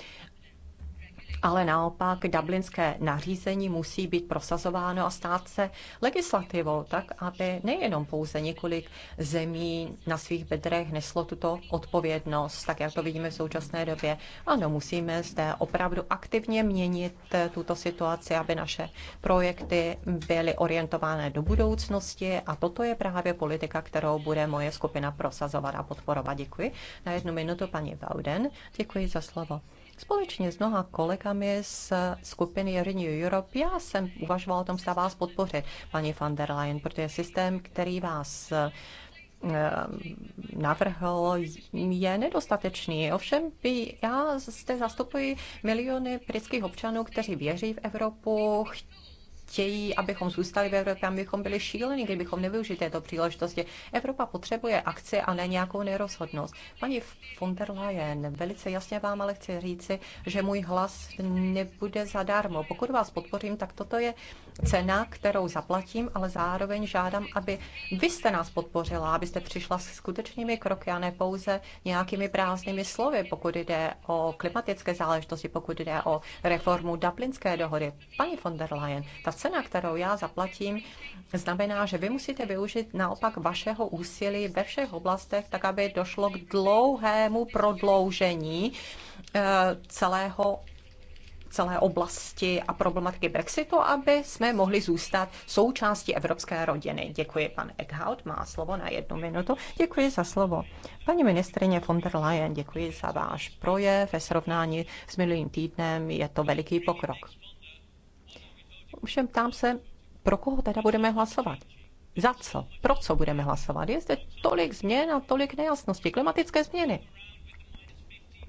ale naopak dublinské nařízení musí být prosazováno a stát se legislativou, tak aby nejenom pouze několik zemí na svých bedrech neslo tuto odpovědnost, tak jak to vidíme v současné době. Ano, musíme zde opravdu aktivně měnit tuto situaci, aby naše projekty byly orientované do budoucnosti a toto je právě politika, kterou bude moje skupina prosazovat a podporovat. Děkuji. Na jednu minutu paní Bauden. Děkuji za slovo. Společně s mnoha kolegami z skupiny Renew Europe já jsem uvažovala o tom, zda vás podpoře, paní van der Leyen, protože systém, který vás eh, navrhl, je nedostatečný. Ovšem, já zde zastupuji miliony britských občanů, kteří věří v Evropu, chtějí, abychom zůstali v Evropě, abychom byli šílení, kdybychom nevyužili této příležitosti. Evropa potřebuje akci a ne nějakou nerozhodnost. Paní von der Leyen, velice jasně vám ale chci říci, že můj hlas nebude zadarmo. Pokud vás podpořím, tak toto je cena, kterou zaplatím, ale zároveň žádám, aby vy jste nás podpořila, abyste přišla s skutečnými kroky a ne pouze nějakými prázdnými slovy, pokud jde o klimatické záležitosti, pokud jde o reformu Dublinské dohody. Paní von der Leyen, ta cena, kterou já zaplatím, znamená, že vy musíte využít naopak vašeho úsilí ve všech oblastech, tak aby došlo k dlouhému prodloužení eh, celého celé oblasti a problematiky Brexitu, aby jsme mohli zůstat součástí evropské rodiny. Děkuji, pan Eckhout má slovo na jednu minutu. Děkuji za slovo. Paní ministrině von der Leyen, děkuji za váš projev. Ve srovnání s minulým týdnem je to veliký pokrok. Ovšem ptám se, pro koho teda budeme hlasovat? Za co? Pro co budeme hlasovat? Je zde tolik změn a tolik nejasností. Klimatické změny.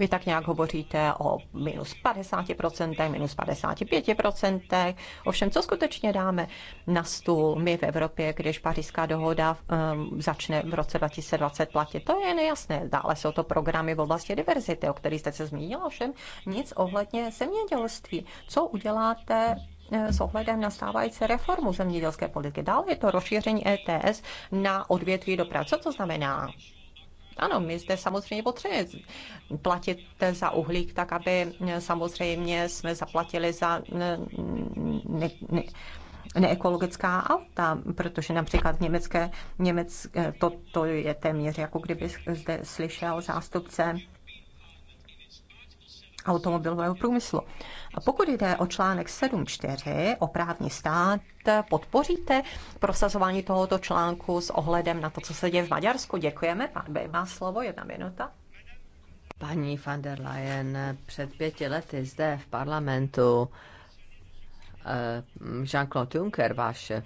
Vy tak nějak hovoříte o minus 50%, minus 55%. Ovšem, co skutečně dáme na stůl my v Evropě, když pařížská dohoda um, začne v roce 2020 platit? To je nejasné. Dále jsou to programy v oblasti diverzity, o kterých jste se zmínila, ovšem nic ohledně zemědělství. Co uděláte eh, s ohledem na stávající reformu zemědělské politiky. Dále je to rozšíření ETS na odvětví dopravy. Co to znamená? Ano, my zde samozřejmě potřebujeme platit za uhlík, tak aby mm, samozřejmě jsme zaplatili za mm, ne, ne, neekologická auta, protože například v německé, to, to je téměř jako kdyby zde slyšel zástupce automobilového průmyslu. A pokud jde o článek 7.4 o právní stát, podpoříte prosazování tohoto článku s ohledem na to, co se děje v Maďarsku. Děkujeme. Pán Bej má slovo, jedna minuta. Paní van der Leyen před pěti lety zde v parlamentu eh, Jean-Claude Juncker, váš eh,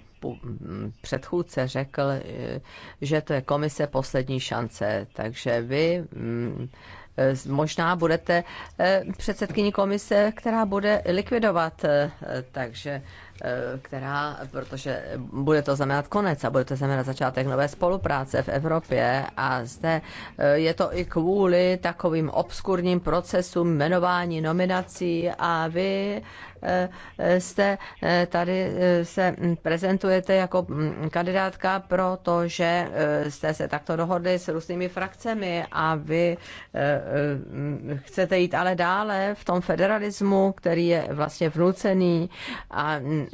předchůdce, řekl, eh, že to je komise poslední šance. Takže vy mm, Eh, možná budete eh, předsedkyní komise, která bude likvidovat. Eh, takže Eh, která, protože bude to znamenat konec a bude to znamenat začátek nové spolupráce v Evropě a zde eh, je to i kvůli takovým obskurním procesům jmenování nominací a vy eh, jste tady se prezentujete jako mm, kandidátka, protože jste se takto dohodli s různými frakcemi a vy chcete jít ale dále v tom federalismu, který je vlastně vnucený a mm,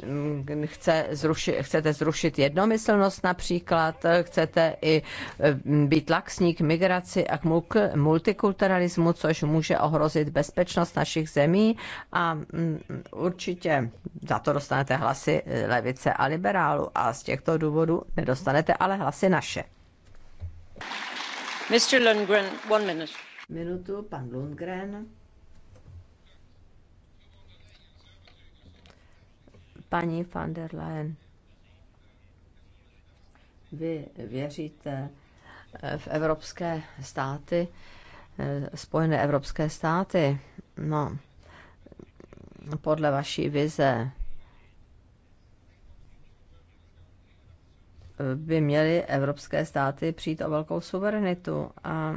chce zrušit, chcete zrušit jednomyslnost například, chcete i e, být laxní k migraci a k multikulturalismu, což může ohrozit bezpečnost našich zemí a mm, určitě za to dostanete hlasy e, levice a liberálu a z těchto důvodů nedostanete ale hlasy naše. Mr. Lundgren, one minute. Minutu, pan Lundgren. Paní van der Leyen, vy věříte eh, v evropské státy, eh, spojené evropské státy, no, podle vaší vize eh, by měly evropské státy přijít o velkou suverenitu a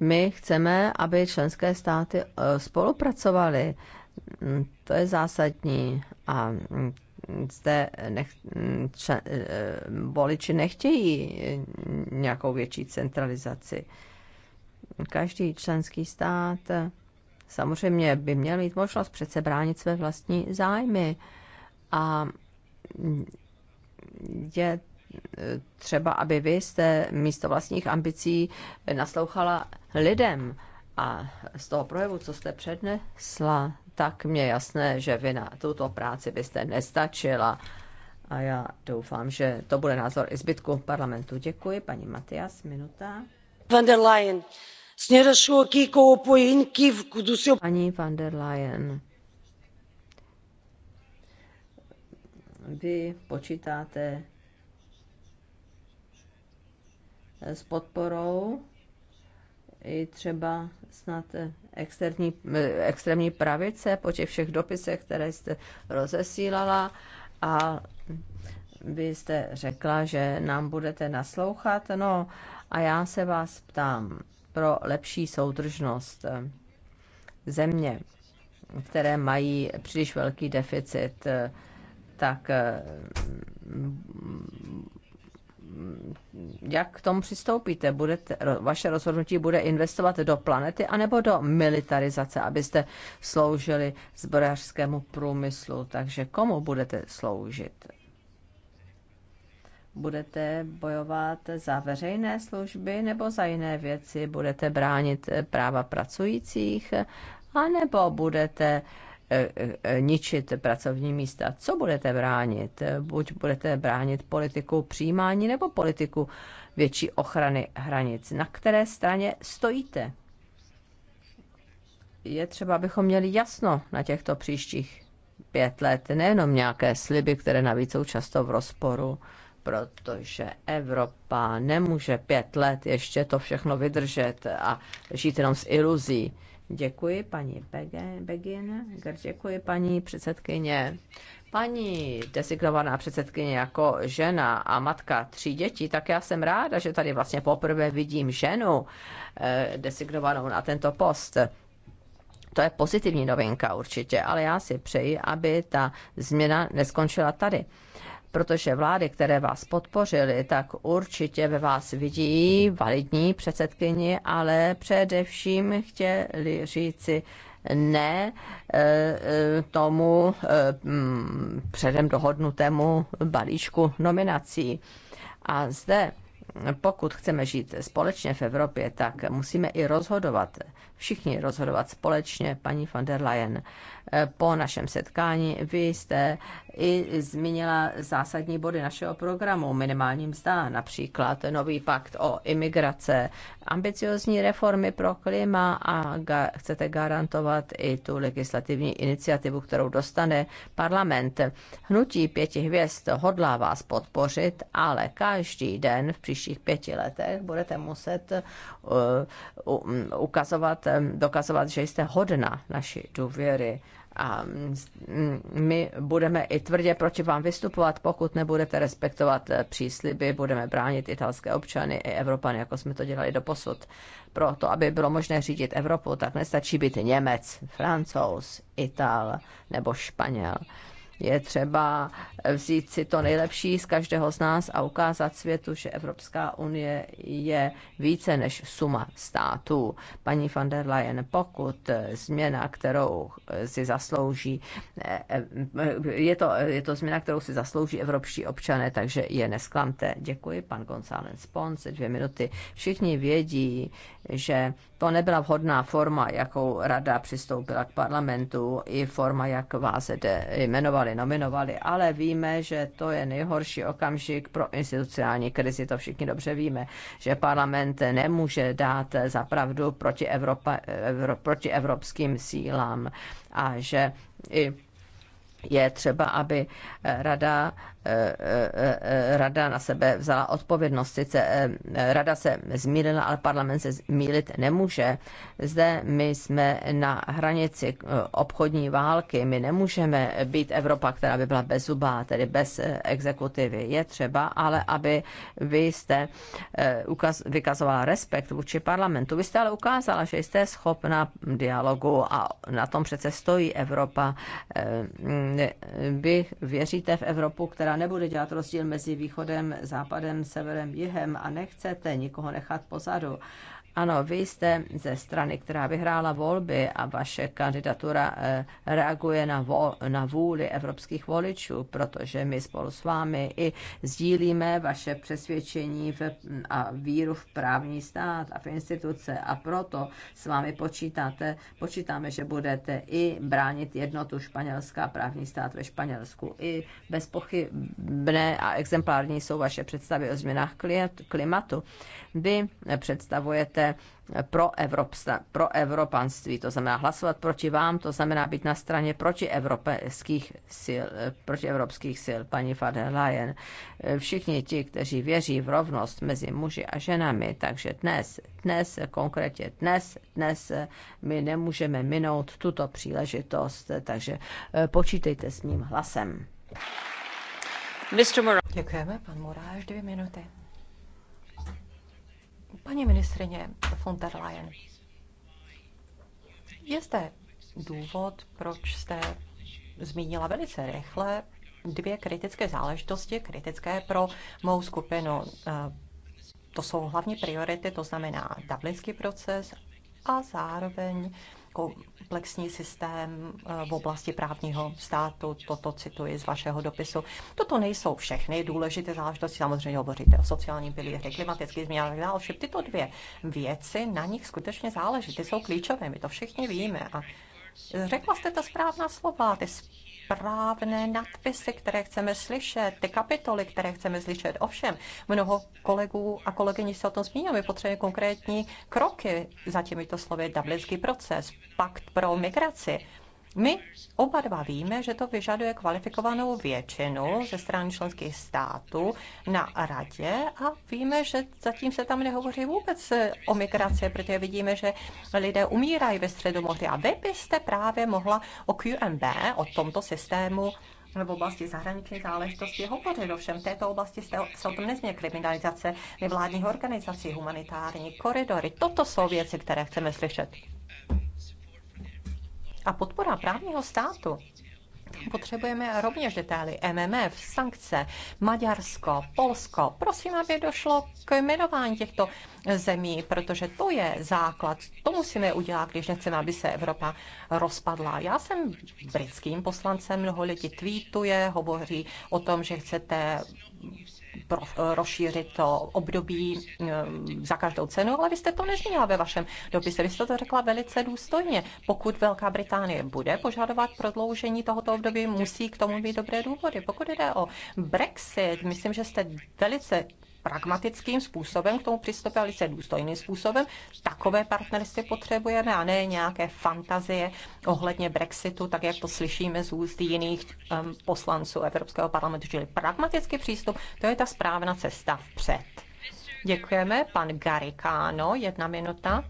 My chceme, aby členské státy eh, spolupracovaly. Mm, to je zásadní. A mm, zde nech, mm, če, eh, voliči nechtějí eh, nějakou větší centralizaci. Každý členský stát samozřejmě by měl mít možnost přece bránit své vlastní zájmy. A je třeba, aby vy jste místo vlastních ambicí naslouchala lidem. A z toho projevu, co jste přednesla, tak mě jasné, že vy na tuto práci byste nestačila. A já doufám, že to bude názor i zbytku parlamentu. Děkuji, paní Matias, minuta. Van der Leyen. Paní van der Leyen, vy počítáte s podporou i třeba snad externí, extrémní pravice po těch všech dopisech, které jste rozesílala a vy jste řekla, že nám budete naslouchat, no a já se vás ptám pro lepší soudržnost země, které mají příliš velký deficit, tak jak k tomu přistoupíte? Budete, vaše rozhodnutí bude investovat do planety anebo do militarizace, abyste sloužili zbrojařskému průmyslu. Takže komu budete sloužit? Budete bojovat za veřejné služby nebo za jiné věci? Budete bránit práva pracujících? A nebo budete uh, Eh, eh, ničit pracovní místa. Co budete bránit? Buď budete bránit politiku přijímání nebo politiku větší ochrany hranic. Na které straně stojíte? Je třeba, abychom měli jasno na těchto příštích pět let, nejenom nějaké sliby, které navíc jsou často v rozporu, protože Evropa nemůže pět let ještě to všechno vydržet a žít jenom s iluzí. Děkuji paní Begin, děkuji paní předsedkyně. Paní designovaná předsedkyně jako žena a matka tří dětí, tak já jsem ráda, že tady vlastně poprvé vidím ženu eh, designovanou na tento post. To je pozitivní novinka určitě, ale já si přeji, aby ta změna neskončila tady. Eh, protože vlády, které vás podpořily, tak určitě ve vás vidí validní předsedkyni, ale především chtěli říci ne eh, eh, tomu eh, mm, předem dohodnutému balíčku nominací. A zde pokud chceme žít společně v Evropě, tak musíme i rozhodovat, všichni rozhodovat společně, paní van der Leyen. Eh, po našem setkání. Vy jste i zmínila zásadní body našeho programu, minimální mzda, například nový pakt o imigrace, ambiciozní reformy pro klima a ga- chcete garantovat i tu legislativní iniciativu, kterou dostane parlament. Hnutí pěti hvězd hodlá vás podpořit, ale každý den v příštích pěti letech budete muset uh, ukazovat, eh, dokazovat, že jste hodna naší důvěry a mm, my budeme i tvrdě proti vám vystupovat, pokud nebudete respektovat eh, přísliby, budeme bránit italské občany i Evropany, jako jsme to dělali do posud. Proto, aby bylo možné řídit Evropu, tak nestačí být Němec, Francouz, Ital nebo Španěl. Je třeba vzít si to nejlepší z každého z nás a ukázat světu, že Evropská unie je více než suma států. Paní van der Leyen, pokud změna, kterou si zaslouží, je to, je to změna, kterou si zaslouží evropští občané, takže je nesklamte. Děkuji, pan González Pons, dvě minuty. Všichni vědí, že to nebyla vhodná forma, jakou rada přistoupila k parlamentu, i forma, jak vás jmenovali jmenovali, nominovali, ale víme, že to je nejhorší okamžik pro institucionální krizi, to všichni dobře víme, že parlament nemůže dát zapravdu proti, Evropa, Evro, proti evropským sílám a že i je třeba, aby eh, rada, eh, eh, rada na sebe vzala odpovědnost. Sice rada se zmílila, ale parlament se zmílit nemůže. Zde my jsme na hranici obchodní války. My nemůžeme být Evropa, která by byla bez zubá, tedy bez exekutivy. Je třeba, ale aby vy jste vykazovala respekt vůči parlamentu. Vy jste ale ukázala, že jste schopna dialogu a na tom přece stojí Evropa vy věříte v Evropu, která nebude dělat rozdíl mezi východem, západem, severem, jihem a nechcete nikoho nechat pozadu. Ano, vy jste ze strany, která vyhrála volby a vaše kandidatura eh, reaguje na, vo, na vůli evropských voličů, protože my spolu s vámi i sdílíme vaše přesvědčení v, a víru v právní stát a v instituce a proto s vámi počítáte, počítáme, že budete i bránit jednotu Španělská právní stát ve Španělsku. I bezpochybné a exemplární jsou vaše představy o změnách klimatu. Vy představujete pro, Evropsta, pro evropanství, to znamená hlasovat proti vám, to znamená být na straně proti evropských sil, proti evropských sil, paní van der Leyen. Všichni ti, kteří věří v rovnost mezi muži a ženami, takže dnes, dnes, konkrétně dnes, dnes my nemůžeme minout tuto příležitost, takže eh, počítejte s mým hlasem. Mr. Děkujeme, pan Moráš, dvě minuty. Paní ministrině von der Leyen, je zde důvod, proč jste zmínila velice rychle dvě kritické záležitosti, kritické pro mou skupinu. Eh, to jsou hlavní priority, to znamená dublinský proces a zároveň komplexní systém eh, v oblasti právního státu. Toto cituji z vašeho dopisu. Toto nejsou všechny důležité záležitosti. Samozřejmě hovoříte o sociálním pilíři, klimatický změn a tak dále. Tyto dvě věci, na nich skutečně záleží. Ty jsou klíčové, my to všichni víme. A Řekla jste ta správná slova, ty správné nadpisy, které chceme slyšet, ty kapitoly, které chceme slyšet. Ovšem, mnoho kolegů a kolegyní se o tom zmínilo. My potřebujeme konkrétní kroky za těmito slovy. Dublinský proces, pakt pro migraci my oba dva víme, že to vyžaduje kvalifikovanou většinu ze strany členských států na radě a víme, že zatím se tam nehovoří vůbec o migraci, protože vidíme, že lidé umírají ve středu moře. A vy byste právě mohla o QMB, o tomto systému v oblasti zahraniční záležitosti hovořit. Ovšem v této oblasti se o tom nezměl kriminalizace nevládních organizací, humanitární koridory. Toto jsou věci, které chceme slyšet a podpora právního státu Potřebujeme rovněž detaily. MMF, sankce, Maďarsko, Polsko. Prosím, aby došlo k jmenování těchto zemí, protože to je základ. To musíme udělat, když nechceme, aby se Evropa rozpadla. Já jsem britským poslancem, mnoho lidí tweetuje, hovoří o tom, že chcete rozšířit to období eh, za každou cenu, ale vy jste to nezmínila ve vašem dopise. Vy jste to řekla velice důstojně. Pokud Velká Británie bude požadovat prodloužení tohoto období, musí k tomu být dobré důvody. Pokud jde o Brexit, myslím, že jste velice pragmatickým způsobem k tomu přistoupili se důstojným způsobem. Takové partnerství potřebujeme a ne nějaké fantazie ohledně Brexitu, tak jak to slyšíme z úst jiných um, poslanců Evropského parlamentu. Čili pragmatický přístup, to je ta správná cesta vpřed. Děkujeme. Pan Garikáno, jedna minuta.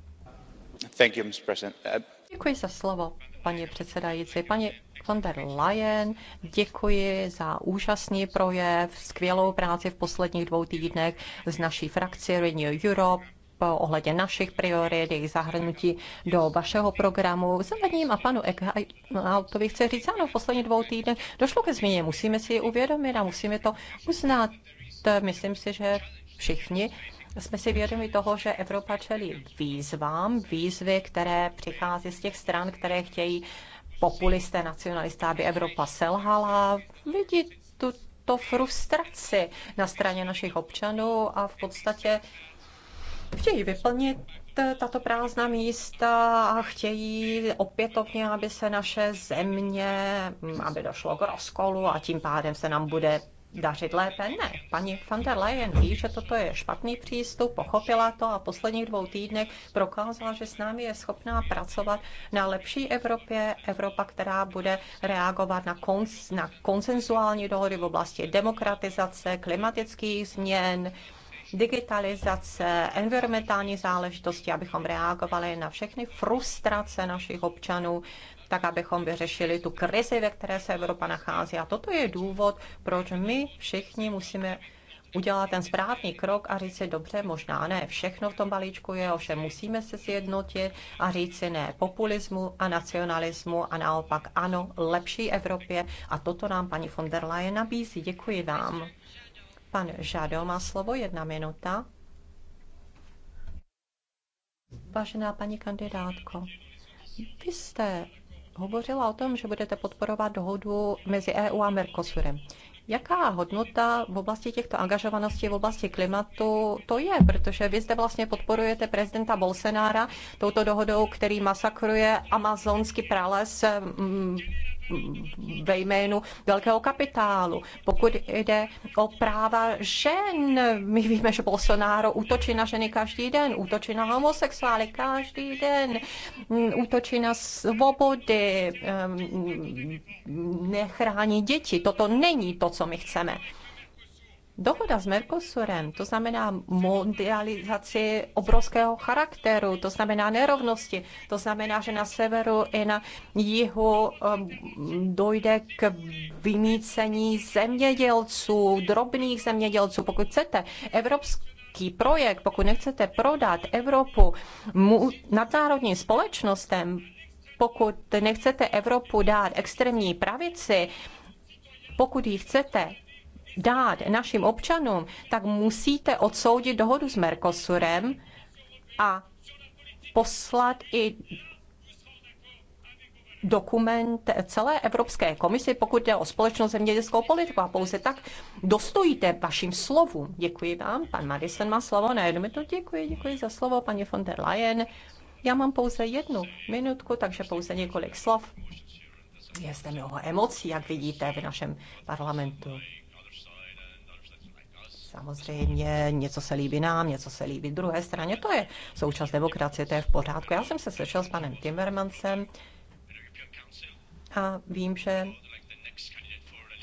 Thank you, Mr. President. Uh, Děkuji za slovo, paní předsedající. Paní von der Leyen, děkuji za úžasný projev, skvělou práci v posledních dvou týdnech z naší frakce Renew Europe ohledně našich priorit, jejich zahrnutí do vašeho programu. Zelením a panu Eckhoutovi chci říct, ano, v posledních dvou týdnech došlo ke změně, musíme si ji uvědomit a musíme to uznat. Myslím si, že všichni jsme si vědomi toho, že Evropa čelí výzvám, výzvy, které přichází z těch stran, které chtějí populisté, nacionalisté, aby Evropa selhala. Vidí tu to frustraci na straně našich občanů a v podstatě chtějí vyplnit tato prázdná místa a chtějí opětovně, aby se naše země, aby došlo k rozkolu a tím pádem se nám bude dařit lépe? Ne. Paní van der Leyen ví, že toto je špatný přístup, pochopila to a v posledních dvou týdnech prokázala, že s námi je schopná pracovat na lepší Evropě, Evropa, která bude reagovat na, kons- na konsenzuální dohody v oblasti demokratizace, klimatických změn, digitalizace, environmentální záležitosti, abychom reagovali na všechny frustrace našich občanů, tak abychom vyřešili tu krizi, ve které se Evropa nachází. A toto je důvod, proč my všichni musíme udělat ten správný krok a říct si, dobře, možná ne, všechno v tom balíčku je, ovšem musíme se sjednotit a říct si ne populismu a nacionalismu a naopak ano, lepší Evropě a toto nám paní von der Leyen nabízí. Děkuji vám. Pan Žado má slovo, jedna minuta. Vážená paní kandidátko, vy jste hovořila o tom, že budete podporovat dohodu mezi EU a Mercosurem. Jaká hodnota v oblasti těchto angažovaností v oblasti klimatu to je? Protože vy zde vlastně podporujete prezidenta Bolsenára touto dohodou, který masakruje amazonský prales mm, ve jménu velkého kapitálu. Pokud jde o práva žen, my víme, že Bolsonaro útočí na ženy každý den, útočí na homosexuály každý den, útočí na svobody, ehm, nechrání děti. Toto není to, co my chceme. Dohoda s Mercosurem, to znamená mondializaci obrovského charakteru, to znamená nerovnosti, to znamená, že na severu i na jihu um, dojde k vymícení zemědělců, drobných zemědělců. Pokud chcete evropský projekt, pokud nechcete prodat Evropu nadnárodním společnostem, pokud nechcete Evropu dát extrémní pravici, pokud ji chcete dát našim občanům, tak musíte odsoudit dohodu s Mercosurem a poslat i dokument celé Evropské komisi, pokud jde o společnou zemědělskou politiku. A pouze tak dostojíte vašim slovům. Děkuji vám. Pan Madison má slovo. Na jednu minutu děkuji. Děkuji za slovo, paní von der Leyen. Já mám pouze jednu minutku, takže pouze několik slov. Je zde mnoho emocí, jak vidíte, v našem parlamentu. Samozřejmě něco se líbí nám, něco se líbí druhé straně. To je součást demokracie, to je v pořádku. Já jsem se sešel s panem Timmermansem a vím, že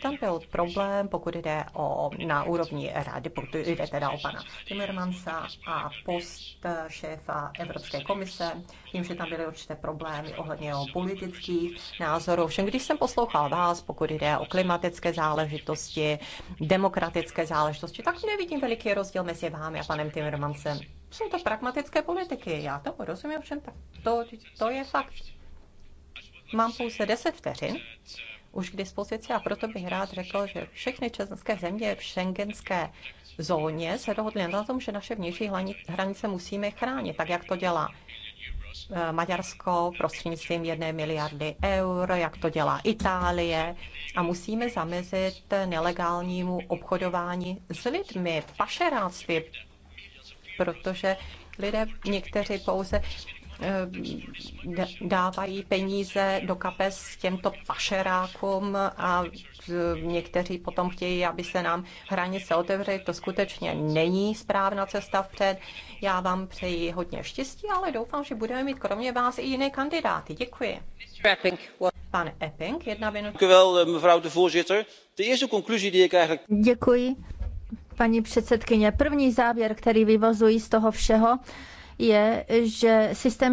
tam byl problém, pokud jde o, na úrovni rady, pokud jde teda o pana Timmermansa a post šéfa Evropské komise. Vím, že tam byly určité problémy ohledně o politických názorů. Všem, když jsem poslouchal vás, pokud jde o klimatické záležitosti, demokratické záležitosti, tak nevidím veliký rozdíl mezi vámi a panem Timmermansem. Jsou to pragmatické politiky, já to rozumím všem, tak to, to je fakt. Mám pouze 10 vteřin už k dispozici a proto bych rád řekl, že všechny české země v šengenské zóně se dohodly na tom, že naše vnější hranice musíme chránit, tak jak to dělá eh, Maďarsko prostřednictvím jedné miliardy eur, jak to dělá Itálie. A musíme zamezit nelegálnímu obchodování s lidmi, pašeráctví, protože lidé někteří pouze Eh, dávají peníze do kapes těmto pašerákům a někteří potom chtějí, aby se nám hranice otevřely. To skutečně není správná cesta vpřed. Já vám přeji hodně štěstí, ale doufám, že budeme mít kromě vás i jiné kandidáty. Děkuji. Pan Epping, jedna minuta. Eh, Děkuji, paní předsedkyně. První závěr, který vyvozuji z toho všeho, je, že systém